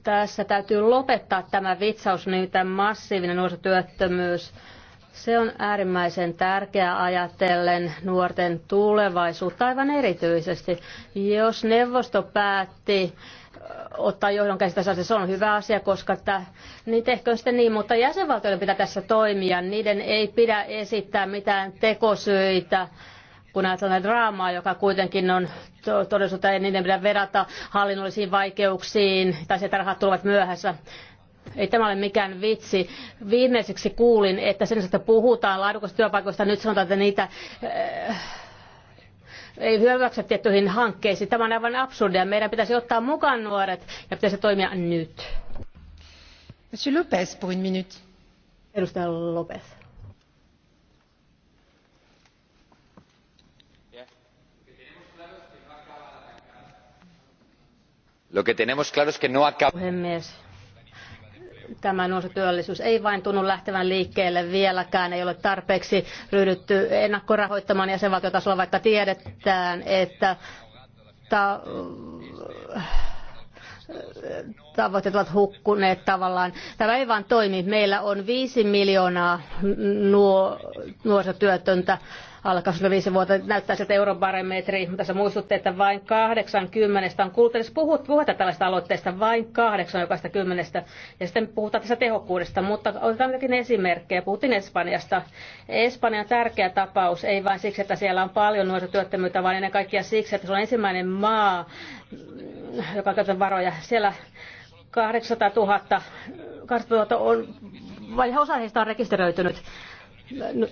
tässä täytyy lopettaa tämä vitsaus, niin tämä massiivinen nuorisotyöttömyys. Se on äärimmäisen tärkeää ajatellen nuorten tulevaisuutta aivan erityisesti. Jos neuvosto päätti ottaa johdon käsissä, se on hyvä asia, koska tämä, niin tehköön sitten niin, mutta jäsenvaltioiden pitää tässä toimia. Niiden ei pidä esittää mitään tekosyitä kun ajatellaan draamaa, joka kuitenkin on todellisuutta, ei niiden pidä verrata hallinnollisiin vaikeuksiin tai se, että rahat tulevat myöhässä. Ei tämä ole mikään vitsi. Viimeiseksi kuulin, että sen että puhutaan laadukasta työpaikoista, nyt sanotaan, että niitä äh, ei hyödyksä tiettyihin hankkeisiin. Tämä on aivan absurdia. Meidän pitäisi ottaa mukaan nuoret ja pitäisi toimia nyt. Monsieur Lopez, pour une minute. Edustaja Lopez Lo que tenemos claro es que no acaba... Puhemies, tämä nuorisotyöllisyys ei vain tunnu lähtevän liikkeelle vieläkään, ei ole tarpeeksi ryhdytty ennakkorahoittamaan jäsenvaltiotasolla, vaikka tiedetään, että ta- tavoitteet ovat hukkuneet tavallaan. Tämä ei vaan toimi. Meillä on viisi miljoonaa nuo, nuorisotyötöntä. työtöntä alle 25 vuotta. Näyttää sieltä eurobarometri. se muistutti, että vain 80 on kuullut edes puhut, puhuta tällaista aloitteesta, vain kahdeksan jokaista kymmenestä. Ja sitten puhutaan tässä tehokkuudesta, mutta otetaan jotakin esimerkkejä. Puhuttiin Espanjasta. Espanja on tärkeä tapaus, ei vain siksi, että siellä on paljon nuorta työttömyyttä, vaan ennen kaikkea siksi, että se on ensimmäinen maa, mm, joka käyttää varoja. Siellä 800 000, 800 000 on, vain osa heistä on rekisteröitynyt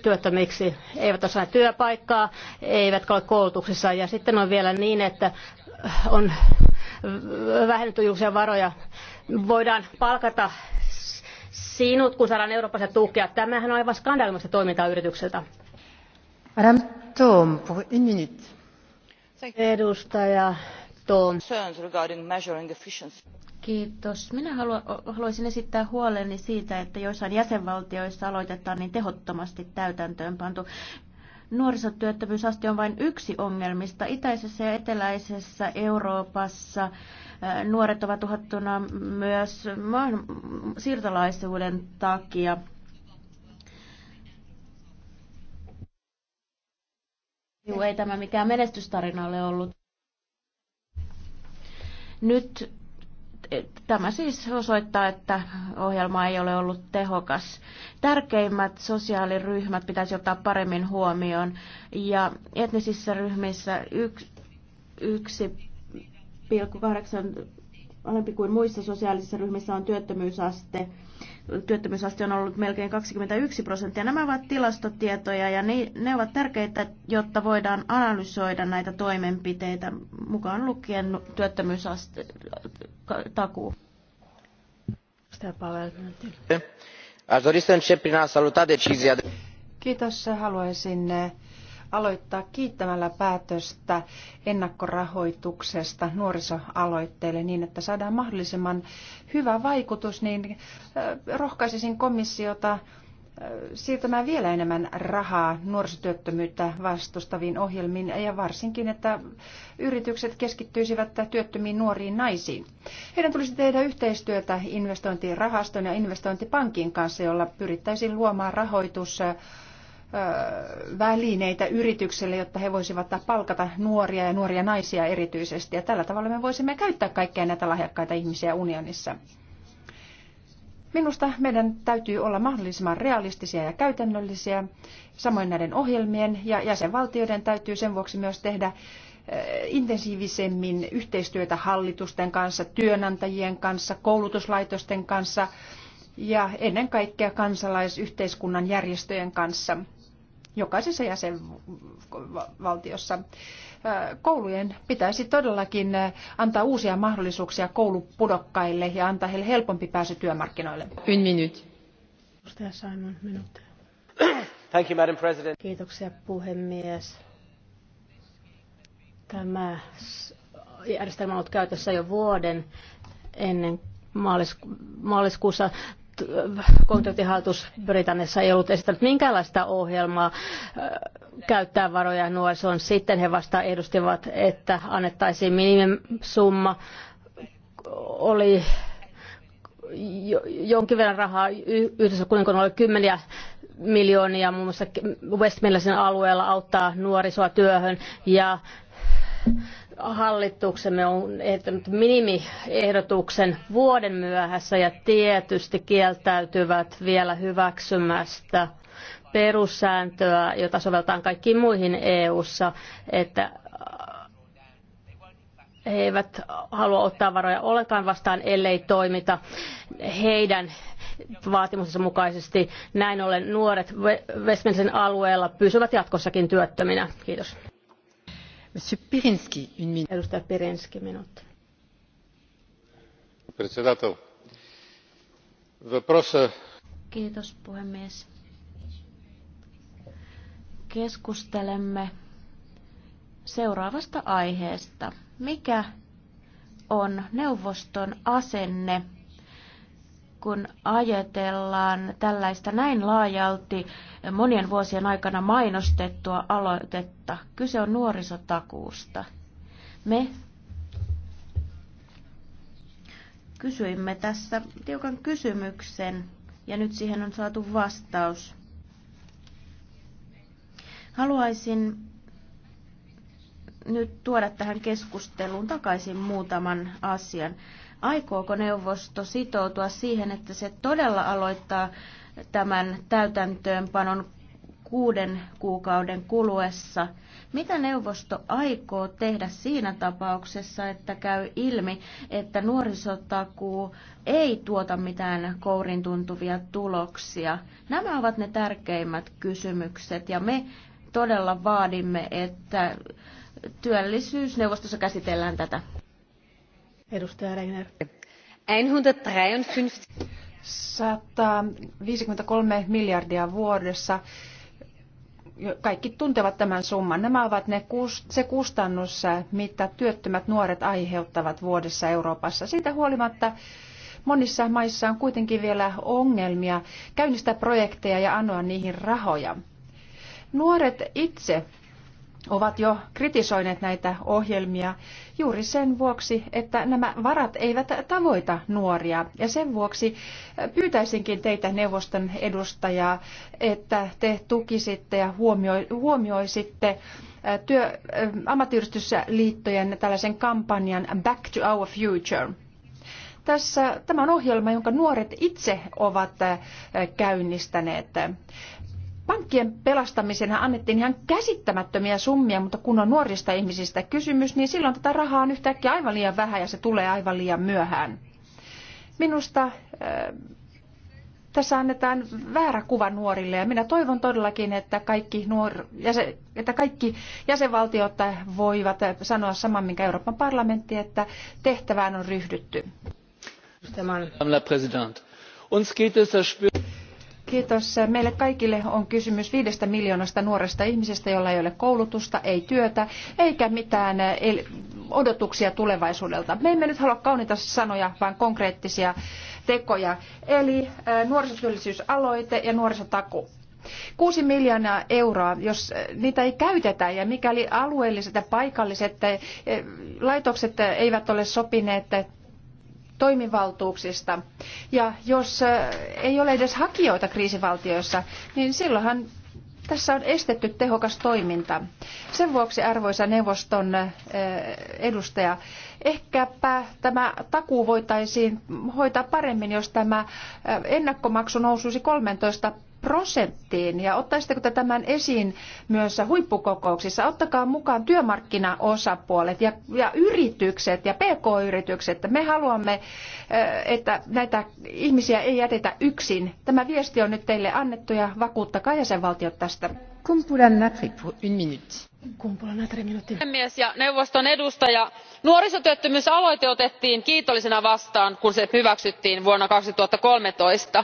työttömiksi, eivät ole saaneet työpaikkaa, eivätkä ole koulutuksessa. Ja sitten on vielä niin, että on vähennetty julkisia varoja. Voidaan palkata sinut, kun saadaan Euroopassa tukea. Tämähän on aivan skandaalimmasta toimintaa yritykseltä. Madame Tom, pour une minute. Edustaja Tom. Kiitos. Minä haluaisin esittää huoleni siitä, että joissain jäsenvaltioissa aloitetaan niin tehottomasti täytäntöönpantu. Nuorisotyöttömyysaste on vain yksi ongelmista. Itäisessä ja eteläisessä Euroopassa äh, nuoret ovat uhattuna myös siirtolaisuuden takia. Ei tämä mikään menestystarina ole ollut. Nyt Tämä siis osoittaa, että ohjelma ei ole ollut tehokas. Tärkeimmät sosiaaliryhmät pitäisi ottaa paremmin huomioon ja etnisissä ryhmissä yksi 1,8 alempi kuin muissa sosiaalisissa ryhmissä on työttömyysaste. Työttömyysaste on ollut melkein 21 prosenttia. Nämä ovat tilastotietoja ja ne ovat tärkeitä, jotta voidaan analysoida näitä toimenpiteitä mukaan lukien työttömyysaste takuu. saluta Kiitos. Haluaisin aloittaa kiittämällä päätöstä ennakkorahoituksesta nuorisoaloitteille niin, että saadaan mahdollisimman hyvä vaikutus, niin rohkaisisin komissiota siirtämään vielä enemmän rahaa nuorisotyöttömyyttä vastustaviin ohjelmiin ja varsinkin, että yritykset keskittyisivät työttömiin nuoriin naisiin. Heidän tulisi tehdä yhteistyötä investointirahaston ja investointipankin kanssa, jolla pyrittäisiin luomaan rahoitus välineitä yrityksille, jotta he voisivat palkata nuoria ja nuoria naisia erityisesti. Ja tällä tavalla me voisimme käyttää kaikkia näitä lahjakkaita ihmisiä unionissa. Minusta meidän täytyy olla mahdollisimman realistisia ja käytännöllisiä, samoin näiden ohjelmien ja jäsenvaltioiden täytyy sen vuoksi myös tehdä intensiivisemmin yhteistyötä hallitusten kanssa, työnantajien kanssa, koulutuslaitosten kanssa ja ennen kaikkea kansalaisyhteiskunnan järjestöjen kanssa jokaisessa jäsenvaltiossa. Koulujen pitäisi todellakin antaa uusia mahdollisuuksia koulupudokkaille ja antaa heille helpompi pääsy työmarkkinoille. Yksi minuutti. Simon, minuutti. Thank you, Madam President. Kiitoksia puhemies. Tämä järjestelmä on ollut käytössä jo vuoden ennen maalisku- maaliskuussa konservatiivihallitus Britanniassa ei ollut esittänyt minkäänlaista ohjelmaa äh, käyttää varoja nuorisoon. Sitten he vasta edustivat, että annettaisiin minimisumma. Oli jonkin verran rahaa yhdessä kuninkaan oli kymmeniä miljoonia muun muassa Westmilläsin alueella auttaa nuorisoa työhön ja hallituksemme on ehdottanut minimiehdotuksen vuoden myöhässä ja tietysti kieltäytyvät vielä hyväksymästä perussääntöä, jota soveltaan kaikkiin muihin EU-ssa, että äh, he eivät halua ottaa varoja ollenkaan vastaan, ellei toimita heidän vaatimustensa mukaisesti. Näin ollen nuoret Westminsterin alueella pysyvät jatkossakin työttöminä. Kiitos. Edustaja Kiitos puhemies. Keskustelemme seuraavasta aiheesta. Mikä on neuvoston asenne kun ajatellaan tällaista näin laajalti monien vuosien aikana mainostettua aloitetta. Kyse on nuorisotakuusta. Me kysyimme tässä tiukan kysymyksen ja nyt siihen on saatu vastaus. Haluaisin nyt tuoda tähän keskusteluun takaisin muutaman asian. Aikooko neuvosto sitoutua siihen, että se todella aloittaa tämän täytäntöönpanon kuuden kuukauden kuluessa? Mitä neuvosto aikoo tehdä siinä tapauksessa, että käy ilmi, että nuorisotakuu ei tuota mitään kourin tuntuvia tuloksia? Nämä ovat ne tärkeimmät kysymykset ja me todella vaadimme, että työllisyysneuvostossa käsitellään tätä. Edustaja Reiner. 153 miljardia vuodessa. Kaikki tuntevat tämän summan. Nämä ovat ne, se kustannus, mitä työttömät nuoret aiheuttavat vuodessa Euroopassa. Siitä huolimatta monissa maissa on kuitenkin vielä ongelmia käynnistää projekteja ja anoa niihin rahoja. Nuoret itse ovat jo kritisoineet näitä ohjelmia juuri sen vuoksi, että nämä varat eivät tavoita nuoria. Ja sen vuoksi pyytäisinkin teitä neuvoston edustajaa, että te tukisitte ja huomioisitte työ, ammattiyhdistysliittojen tällaisen kampanjan Back to Our Future. Tässä, tämä on ohjelma, jonka nuoret itse ovat käynnistäneet. Pankkien pelastamisen annettiin ihan käsittämättömiä summia, mutta kun on nuorista ihmisistä kysymys, niin silloin tätä rahaa on yhtäkkiä aivan liian vähän ja se tulee aivan liian myöhään. Minusta äh, tässä annetaan väärä kuva nuorille ja minä toivon todellakin, että kaikki, nuor, jäsen, että kaikki jäsenvaltiot voivat sanoa saman, minkä Euroopan parlamentti, että tehtävään on ryhdytty. Madame uns geht es Kiitos. Meille kaikille on kysymys viidestä miljoonasta nuoresta ihmisestä, jolla ei ole koulutusta, ei työtä eikä mitään eh, odotuksia tulevaisuudelta. Me emme nyt halua kaunita sanoja, vaan konkreettisia tekoja. Eli eh, nuorisotyöllisyysaloite ja nuorisotaku. Kuusi miljoonaa euroa, jos eh, niitä ei käytetä ja mikäli alueelliset ja paikalliset laitokset eivät ole sopineet toimivaltuuksista. Ja jos ei ole edes hakijoita kriisivaltioissa, niin silloinhan tässä on estetty tehokas toiminta. Sen vuoksi, arvoisa neuvoston edustaja, ehkäpä tämä takuu voitaisiin hoitaa paremmin, jos tämä ennakkomaksu nousuisi 13 prosenttiin ja ottaisitteko te tämän esiin myös huippukokouksissa? Ottakaa mukaan työmarkkinaosapuolet ja, ja yritykset ja pk-yritykset. Me haluamme, eh, että näitä ihmisiä ei jätetä yksin. Tämä viesti on nyt teille annettu ja vakuuttakaa jäsenvaltiot tästä. Kumpulan Kumpulan ja neuvoston edustaja, nuorisotyöttömyysaloite otettiin kiitollisena vastaan, kun se hyväksyttiin vuonna 2013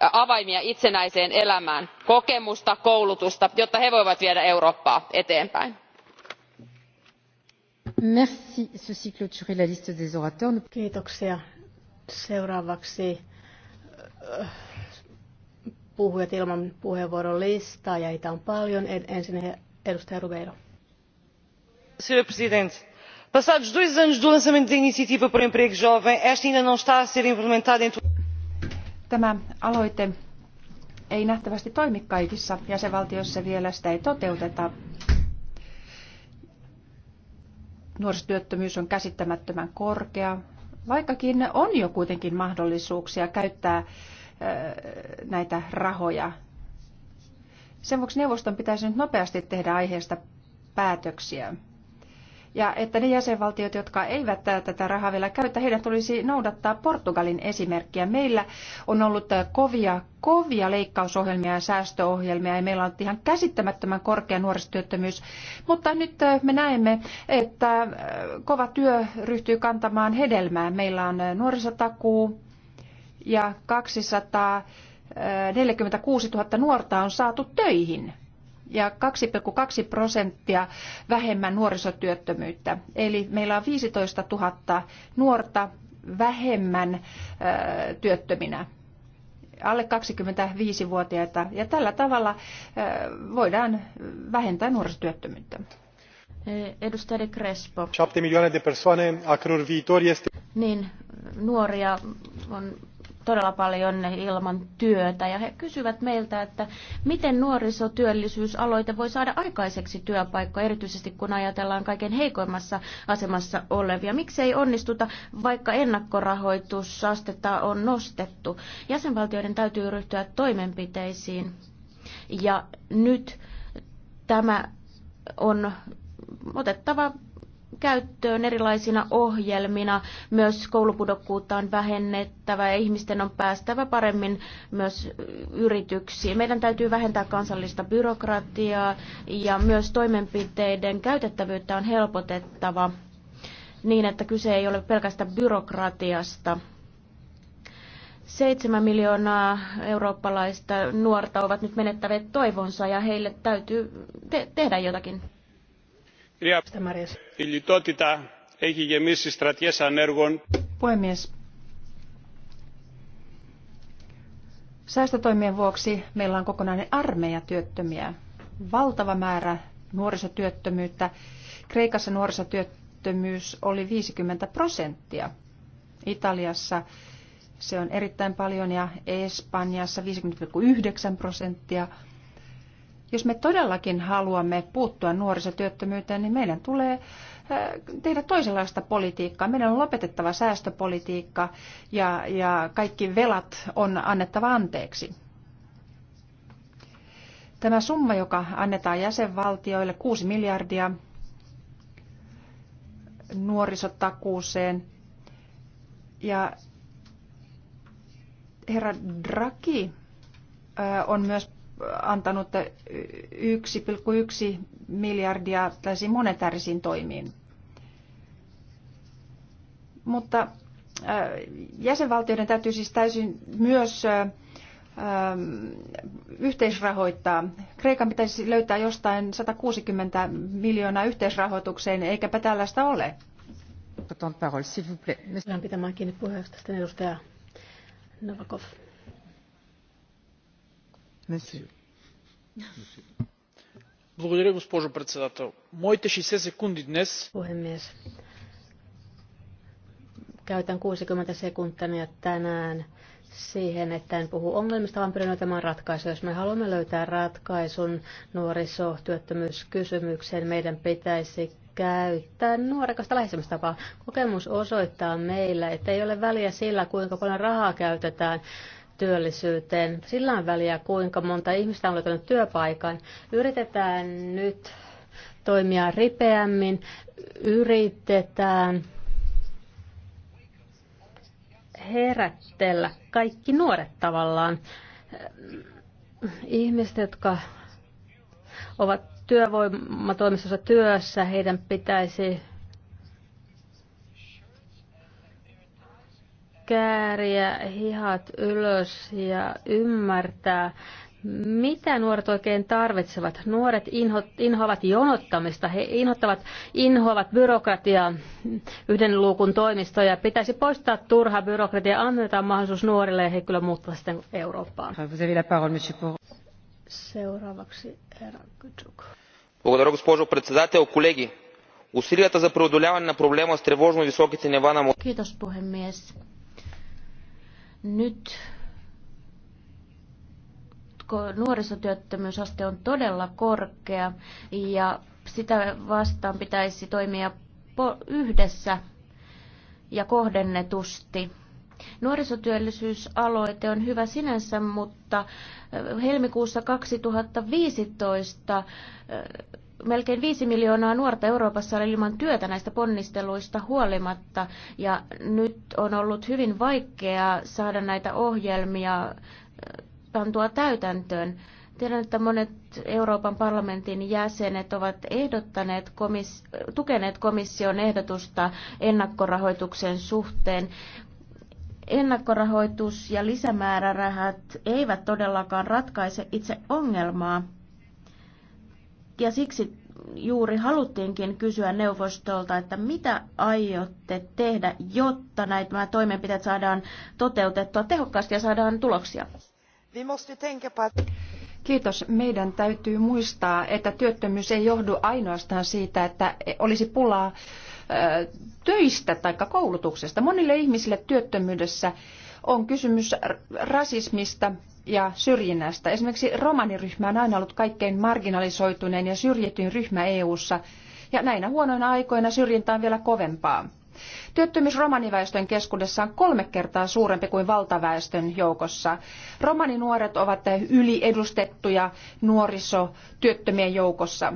avaimia itsenäiseen elämään kokemusta koulutusta jotta he voivat viedä eurooppaa eteenpäin. Seuraavaksi äh, puhujat ilman puheenvuoron listaa ja heitä on paljon. Ensin edustaja Rubeiro. Senhor Presidente, passados dois anos do lançamento da iniciativa para o emprego jovem, esta ainda não está a ser implementada em todo Tämä aloite ei nähtävästi toimi kaikissa jäsenvaltioissa vielä, sitä ei toteuteta. Nuorisotyöttömyys on käsittämättömän korkea, vaikkakin on jo kuitenkin mahdollisuuksia käyttää näitä rahoja. Sen vuoksi neuvoston pitäisi nyt nopeasti tehdä aiheesta päätöksiä ja että ne jäsenvaltiot, jotka eivät tätä rahaa vielä käytä, heidän tulisi noudattaa Portugalin esimerkkiä. Meillä on ollut kovia, kovia leikkausohjelmia ja säästöohjelmia ja meillä on ihan käsittämättömän korkea nuorisotyöttömyys, mutta nyt me näemme, että kova työ ryhtyy kantamaan hedelmää. Meillä on nuorisotakuu ja 246 000 nuorta on saatu töihin ja 2,2 prosenttia vähemmän nuorisotyöttömyyttä. Eli meillä on 15 000 nuorta vähemmän työttöminä alle 25-vuotiaita ja tällä tavalla voidaan vähentää nuorisotyöttömyyttä. Edustaja de Crespo. 7 miljoonaa de persoane a căror viitor este... Niin, nuoria on todella paljon ilman työtä ja he kysyvät meiltä, että miten nuorisotyöllisyysaloite voi saada aikaiseksi työpaikka, erityisesti kun ajatellaan kaiken heikoimmassa asemassa olevia. Miksi ei onnistuta, vaikka ennakkorahoitusastetta on nostettu? Jäsenvaltioiden täytyy ryhtyä toimenpiteisiin ja nyt tämä on otettava käyttöön erilaisina ohjelmina. Myös koulupudokkuutta on vähennettävä ja ihmisten on päästävä paremmin myös yrityksiin. Meidän täytyy vähentää kansallista byrokratiaa ja myös toimenpiteiden käytettävyyttä on helpotettava niin, että kyse ei ole pelkästä byrokratiasta. 7 miljoonaa eurooppalaista nuorta ovat nyt menettäneet toivonsa ja heille täytyy te- tehdä jotakin puhemies säästötoimien vuoksi meillä on kokonainen armeija työttömiä valtava määrä nuorisotyöttömyyttä. kreikassa nuorisotyöttömyys oli viisikymmentä prosenttia italiassa se on erittäin paljon ja espanjassa viisikymmentä yhdeksän prosenttia jos me todellakin haluamme puuttua nuorisotyöttömyyteen, niin meidän tulee tehdä toisenlaista politiikkaa. Meidän on lopetettava säästöpolitiikka ja, ja kaikki velat on annettava anteeksi. Tämä summa, joka annetaan jäsenvaltioille, 6 miljardia nuorisotakuuseen. Ja herra Draghi on myös antanut 1,1 miljardia tällaisiin monetaarisiin toimiin. Mutta äh, jäsenvaltioiden täytyy siis täysin myös äh, yhteisrahoittaa. Kreikan pitäisi siis löytää jostain 160 miljoonaa yhteisrahoitukseen, eikäpä tällaista ole. Pyydän pitämään kiinni puheenjohtajasta edustaja Novakov госпожо председател. Моите 60 секунди днес... Puhemies. Käytän 60 sekuntia tänään siihen, että en puhu ongelmista, vaan pyrin löytämään ratkaisuja. Jos me haluamme löytää ratkaisun nuorisotyöttömyyskysymykseen, meidän pitäisi käyttää nuorekasta lähestymistapaa. Kokemus osoittaa meille, että ei ole väliä sillä, kuinka paljon rahaa käytetään työllisyyteen. Sillä on väliä, kuinka monta ihmistä on löytänyt työpaikan. Yritetään nyt toimia ripeämmin, yritetään herättellä kaikki nuoret tavallaan. Ihmiset, jotka ovat työvoimatoimistossa työssä, heidän pitäisi kääriä hihat ylös ja ymmärtää, mitä nuoret oikein tarvitsevat? Nuoret inho, inhoavat jonottamista, he inhottavat, inhoavat byrokratiaa, yhden luukun toimistoja. Pitäisi poistaa turha byrokratia, annetaan mahdollisuus nuorille ja he kyllä muuttavat sitten Eurooppaan. Seuraavaksi herra Kytsuk. усилията за преодоляване на проблема с тревожно високите нива на... Kiitos, puhemies nyt nuorisotyöttömyysaste on todella korkea ja sitä vastaan pitäisi toimia yhdessä ja kohdennetusti. Nuorisotyöllisyysaloite on hyvä sinänsä, mutta helmikuussa 2015 melkein viisi miljoonaa nuorta Euroopassa oli ilman työtä näistä ponnisteluista huolimatta, ja nyt on ollut hyvin vaikeaa saada näitä ohjelmia äh, pantua täytäntöön. Tiedän, että monet Euroopan parlamentin jäsenet ovat ehdottaneet komis- tukeneet komission ehdotusta ennakkorahoituksen suhteen. Ennakkorahoitus ja lisämäärärahat eivät todellakaan ratkaise itse ongelmaa ja siksi juuri haluttiinkin kysyä neuvostolta, että mitä aiotte tehdä, jotta näitä toimenpiteet saadaan toteutettua tehokkaasti ja saadaan tuloksia? Kiitos. Meidän täytyy muistaa, että työttömyys ei johdu ainoastaan siitä, että olisi pulaa töistä tai koulutuksesta. Monille ihmisille työttömyydessä on kysymys rasismista, ja syrjinnästä. Esimerkiksi romaniryhmä on aina ollut kaikkein marginalisoituneen ja syrjityin ryhmä EU:ssa, ja näinä huonoina aikoina syrjintä on vielä kovempaa. Työttömyys romaniväestön keskuudessa on kolme kertaa suurempi kuin valtaväestön joukossa. Romaninuoret ovat yliedustettuja nuorisotyöttömien joukossa.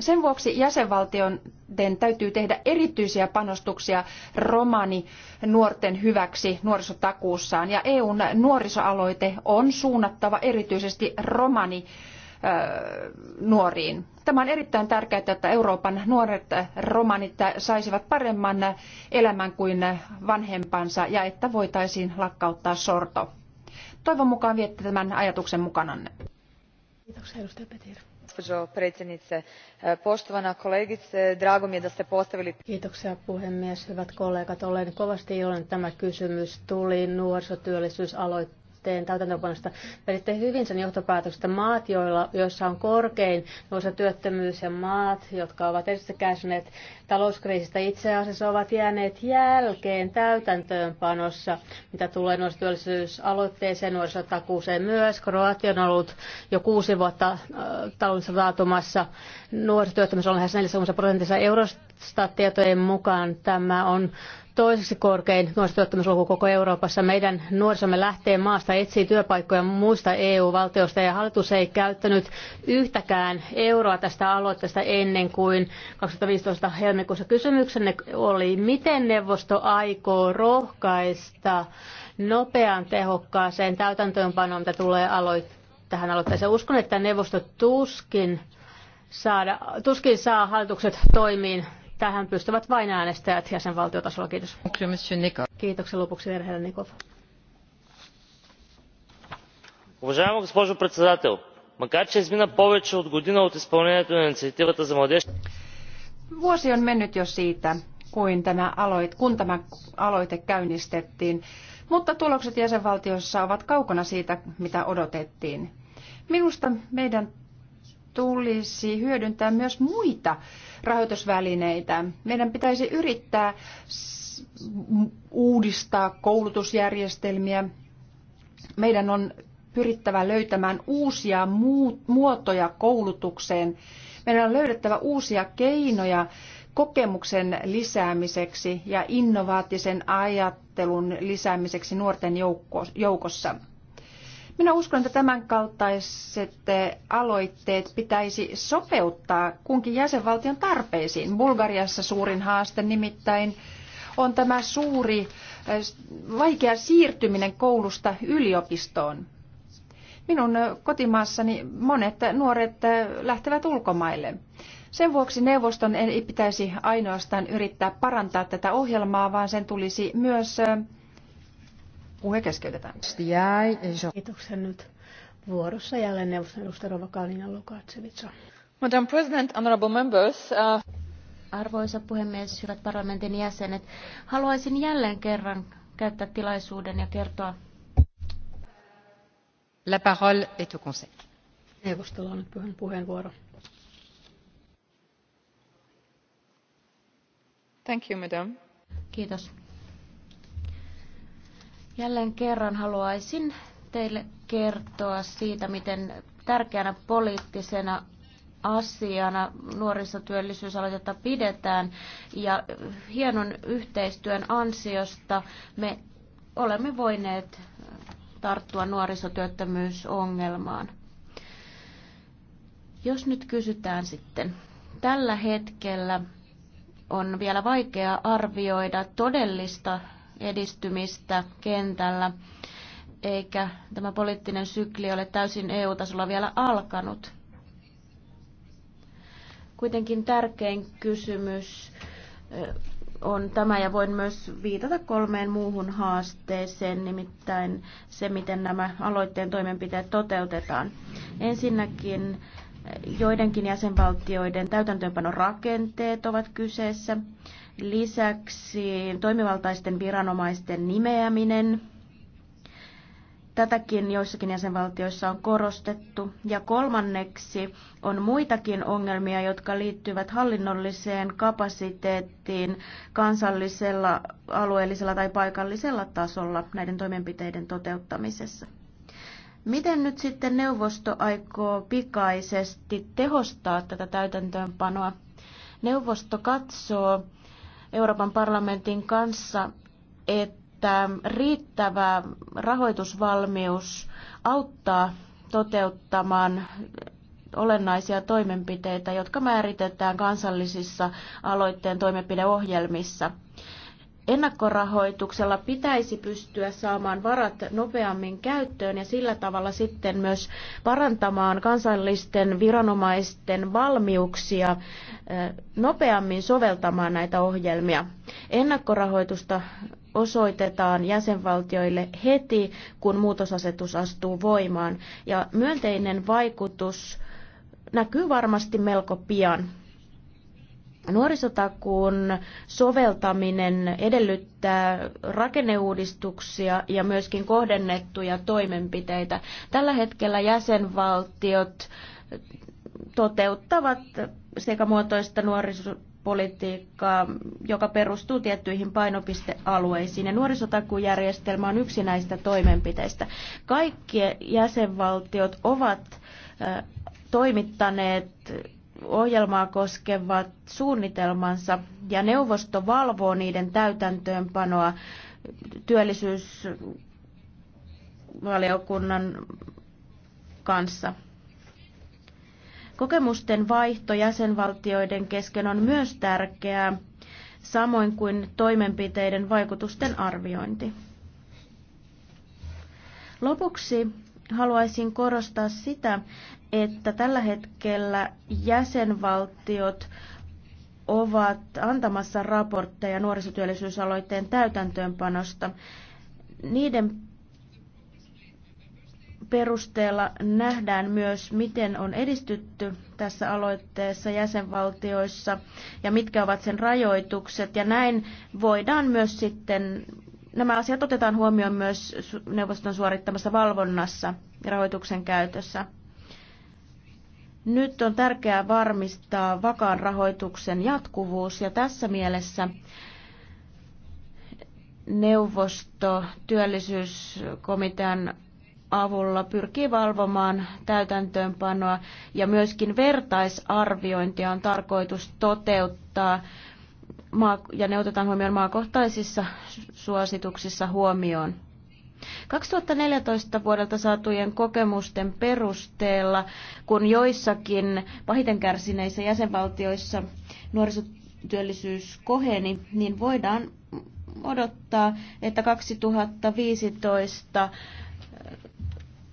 Sen vuoksi jäsenvaltioiden täytyy tehdä erityisiä panostuksia romani nuorten hyväksi nuorisotakuussaan ja EUn nuorisoaloite on suunnattava erityisesti romani nuoriin. Tämä on erittäin tärkeää, että Euroopan nuoret romanit saisivat paremman elämän kuin vanhempansa ja että voitaisiin lakkauttaa sorto. Toivon mukaan viette tämän ajatuksen mukananne. Kiitoksia, edustaja Petir gospođo predsjednice e, poštovana kolegice drago mi je da ste postavili. kiitoksia puhemies hyvät kollegat olen kovasti iloinen että tämä kysymys tuli nuorisotyöllisyysaloitteeseen aloitteen täytäntöönpanosta veditte hyvin sen johtopäätöksestä maat, joilla, joissa on korkein noissa työttömyys ja maat, jotka ovat edessä kärsineet talouskriisistä, itse asiassa ovat jääneet jälkeen täytäntöönpanossa, mitä tulee nuorisotyöllisyysaloitteeseen, nuorisotakuuseen myös. Kroatia on ollut jo kuusi vuotta äh, taloudessa vaatumassa. Nuorisotyöttömyys on lähes 40 prosentissa eurosta tietojen mukaan tämä on toiseksi korkein nuorisotyöttömyysluku koko Euroopassa. Meidän nuorisomme lähtee maasta, etsii työpaikkoja muista EU-valtioista ja hallitus ei käyttänyt yhtäkään euroa tästä aloitteesta ennen kuin 2015 helmikuussa. Kysymyksenne oli, miten neuvosto aikoo rohkaista nopean tehokkaaseen täytäntöönpanoon, mitä tulee aloitteeseen? tähän aloitteeseen. Uskon, että neuvosto tuskin, saada, tuskin saa hallitukset toimiin Tähän pystyvät vain äänestäjät jäsenvaltiotasolla. Kiitos. Kiitoksen lopuksi Verheellä Nikov. Уважаема госпожо председател, макар че измина повече от година от изпълнението на инициативата за младеж... Vuosi on mennyt jo siitä, kuin tämä aloit, kun tämä aloite käynnistettiin, mutta tulokset jäsenvaltiossa ovat kaukana siitä, mitä odotettiin. Minusta meidän tulisi hyödyntää myös muita rahoitusvälineitä. Meidän pitäisi yrittää uudistaa koulutusjärjestelmiä. Meidän on pyrittävä löytämään uusia muotoja koulutukseen. Meidän on löydettävä uusia keinoja kokemuksen lisäämiseksi ja innovaatisen ajattelun lisäämiseksi nuorten joukossa. Minä uskon, että tämän kaltaiset eh, aloitteet pitäisi sopeuttaa kunkin jäsenvaltion tarpeisiin. Bulgariassa suurin haaste nimittäin on tämä suuri eh, vaikea siirtyminen koulusta yliopistoon. Minun eh, kotimaassani monet nuoret lähtevät ulkomaille. Sen vuoksi neuvoston ei pitäisi ainoastaan yrittää parantaa tätä ohjelmaa, vaan sen tulisi myös Puhe keskeytetään. Kiitoksia nyt. Vuorossa jälleen neuvoston edustaja Rova Kalina Lukatsevitsa. Madam President, honorable members, uh... Arvoisa puhemies, hyvät parlamentin jäsenet, haluaisin jälleen kerran käyttää tilaisuuden ja kertoa. La parole est au conseil. Neuvostolla on nyt puheenvuoro. Thank you, madam. Kiitos. Jälleen kerran haluaisin teille kertoa siitä, miten tärkeänä poliittisena asiana nuorisotyöllisyysaloitetta pidetään ja hienon yhteistyön ansiosta me olemme voineet tarttua nuorisotyöttömyysongelmaan. Jos nyt kysytään sitten, tällä hetkellä on vielä vaikea arvioida todellista edistymistä kentällä, eikä tämä poliittinen sykli ole täysin EU-tasolla vielä alkanut. Kuitenkin tärkein kysymys on tämä, ja voin myös viitata kolmeen muuhun haasteeseen, nimittäin se, miten nämä aloitteen toimenpiteet toteutetaan. Ensinnäkin joidenkin jäsenvaltioiden täytäntöönpanorakenteet rakenteet ovat kyseessä. Lisäksi toimivaltaisten viranomaisten nimeäminen. Tätäkin joissakin jäsenvaltioissa on korostettu. Ja kolmanneksi on muitakin ongelmia, jotka liittyvät hallinnolliseen kapasiteettiin kansallisella, alueellisella tai paikallisella tasolla näiden toimenpiteiden toteuttamisessa. Miten nyt sitten neuvosto aikoo pikaisesti tehostaa tätä täytäntöönpanoa? Neuvosto katsoo, Euroopan parlamentin kanssa, että riittävä rahoitusvalmius auttaa toteuttamaan olennaisia toimenpiteitä, jotka määritetään kansallisissa aloitteen toimenpideohjelmissa – ennakkorahoituksella pitäisi pystyä saamaan varat nopeammin käyttöön ja sillä tavalla sitten myös parantamaan kansallisten viranomaisten valmiuksia eh, nopeammin soveltamaan näitä ohjelmia. Ennakkorahoitusta osoitetaan jäsenvaltioille heti, kun muutosasetus astuu voimaan ja myönteinen vaikutus näkyy varmasti melko pian. Nuorisotakuun soveltaminen edellyttää rakenneuudistuksia ja myöskin kohdennettuja toimenpiteitä. Tällä hetkellä jäsenvaltiot toteuttavat sekä muotoista nuorisopolitiikkaa, joka perustuu tiettyihin painopistealueisiin. Ja nuorisotakujärjestelmä on yksi näistä toimenpiteistä. Kaikki jäsenvaltiot ovat toimittaneet ohjelmaa koskevat suunnitelmansa ja neuvosto valvoo niiden täytäntöönpanoa työllisyysvaliokunnan kanssa. Kokemusten vaihto jäsenvaltioiden kesken on myös tärkeää, samoin kuin toimenpiteiden vaikutusten arviointi. Lopuksi haluaisin korostaa sitä, että tällä hetkellä jäsenvaltiot ovat antamassa raportteja nuorisotyöllisyysaloitteen täytäntöönpanosta. Niiden perusteella nähdään myös, miten on edistytty tässä aloitteessa jäsenvaltioissa ja mitkä ovat sen rajoitukset. Ja näin voidaan myös sitten, nämä asiat otetaan huomioon myös neuvoston suorittamassa valvonnassa ja rahoituksen käytössä. Nyt on tärkeää varmistaa vakaan rahoituksen jatkuvuus ja tässä mielessä neuvosto työllisyyskomitean avulla pyrkii valvomaan täytäntöönpanoa ja myöskin vertaisarviointia on tarkoitus toteuttaa ja ne otetaan huomioon maakohtaisissa suosituksissa huomioon. 2014 vuodelta saatujen kokemusten perusteella, kun joissakin pahiten kärsineissä jäsenvaltioissa nuorisotyöllisyys koheni, niin voidaan odottaa, että 2015 eh,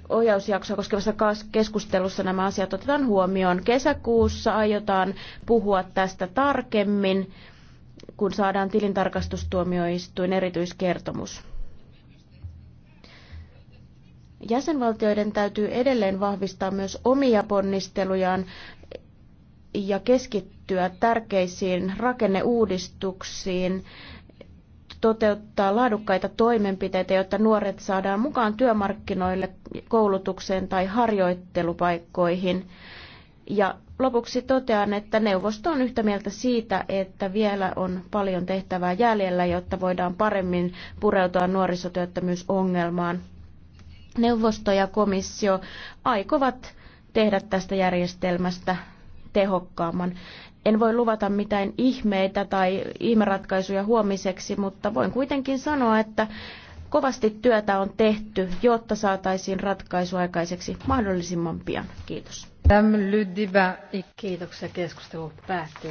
ohjausjaksoa koskevassa keskustelussa nämä asiat otetaan huomioon. Kesäkuussa aiotaan puhua tästä tarkemmin, kun saadaan tilintarkastustuomioistuin erityiskertomus. Jäsenvaltioiden täytyy edelleen vahvistaa myös omia ponnistelujaan ja keskittyä tärkeisiin rakenneuudistuksiin, toteuttaa laadukkaita toimenpiteitä, jotta nuoret saadaan mukaan työmarkkinoille, koulutukseen tai harjoittelupaikkoihin. Ja lopuksi totean, että neuvosto on yhtä mieltä siitä, että vielä on paljon tehtävää jäljellä, jotta voidaan paremmin pureutua nuorisotyöttömyysongelmaan. Neuvosto ja komissio aikovat tehdä tästä järjestelmästä tehokkaamman. En voi luvata mitään ihmeitä tai ihmeratkaisuja huomiseksi, mutta voin kuitenkin sanoa, että kovasti työtä on tehty, jotta saataisiin ratkaisu aikaiseksi mahdollisimman pian. Kiitos. Kiitoksia. Keskustelu päättyy.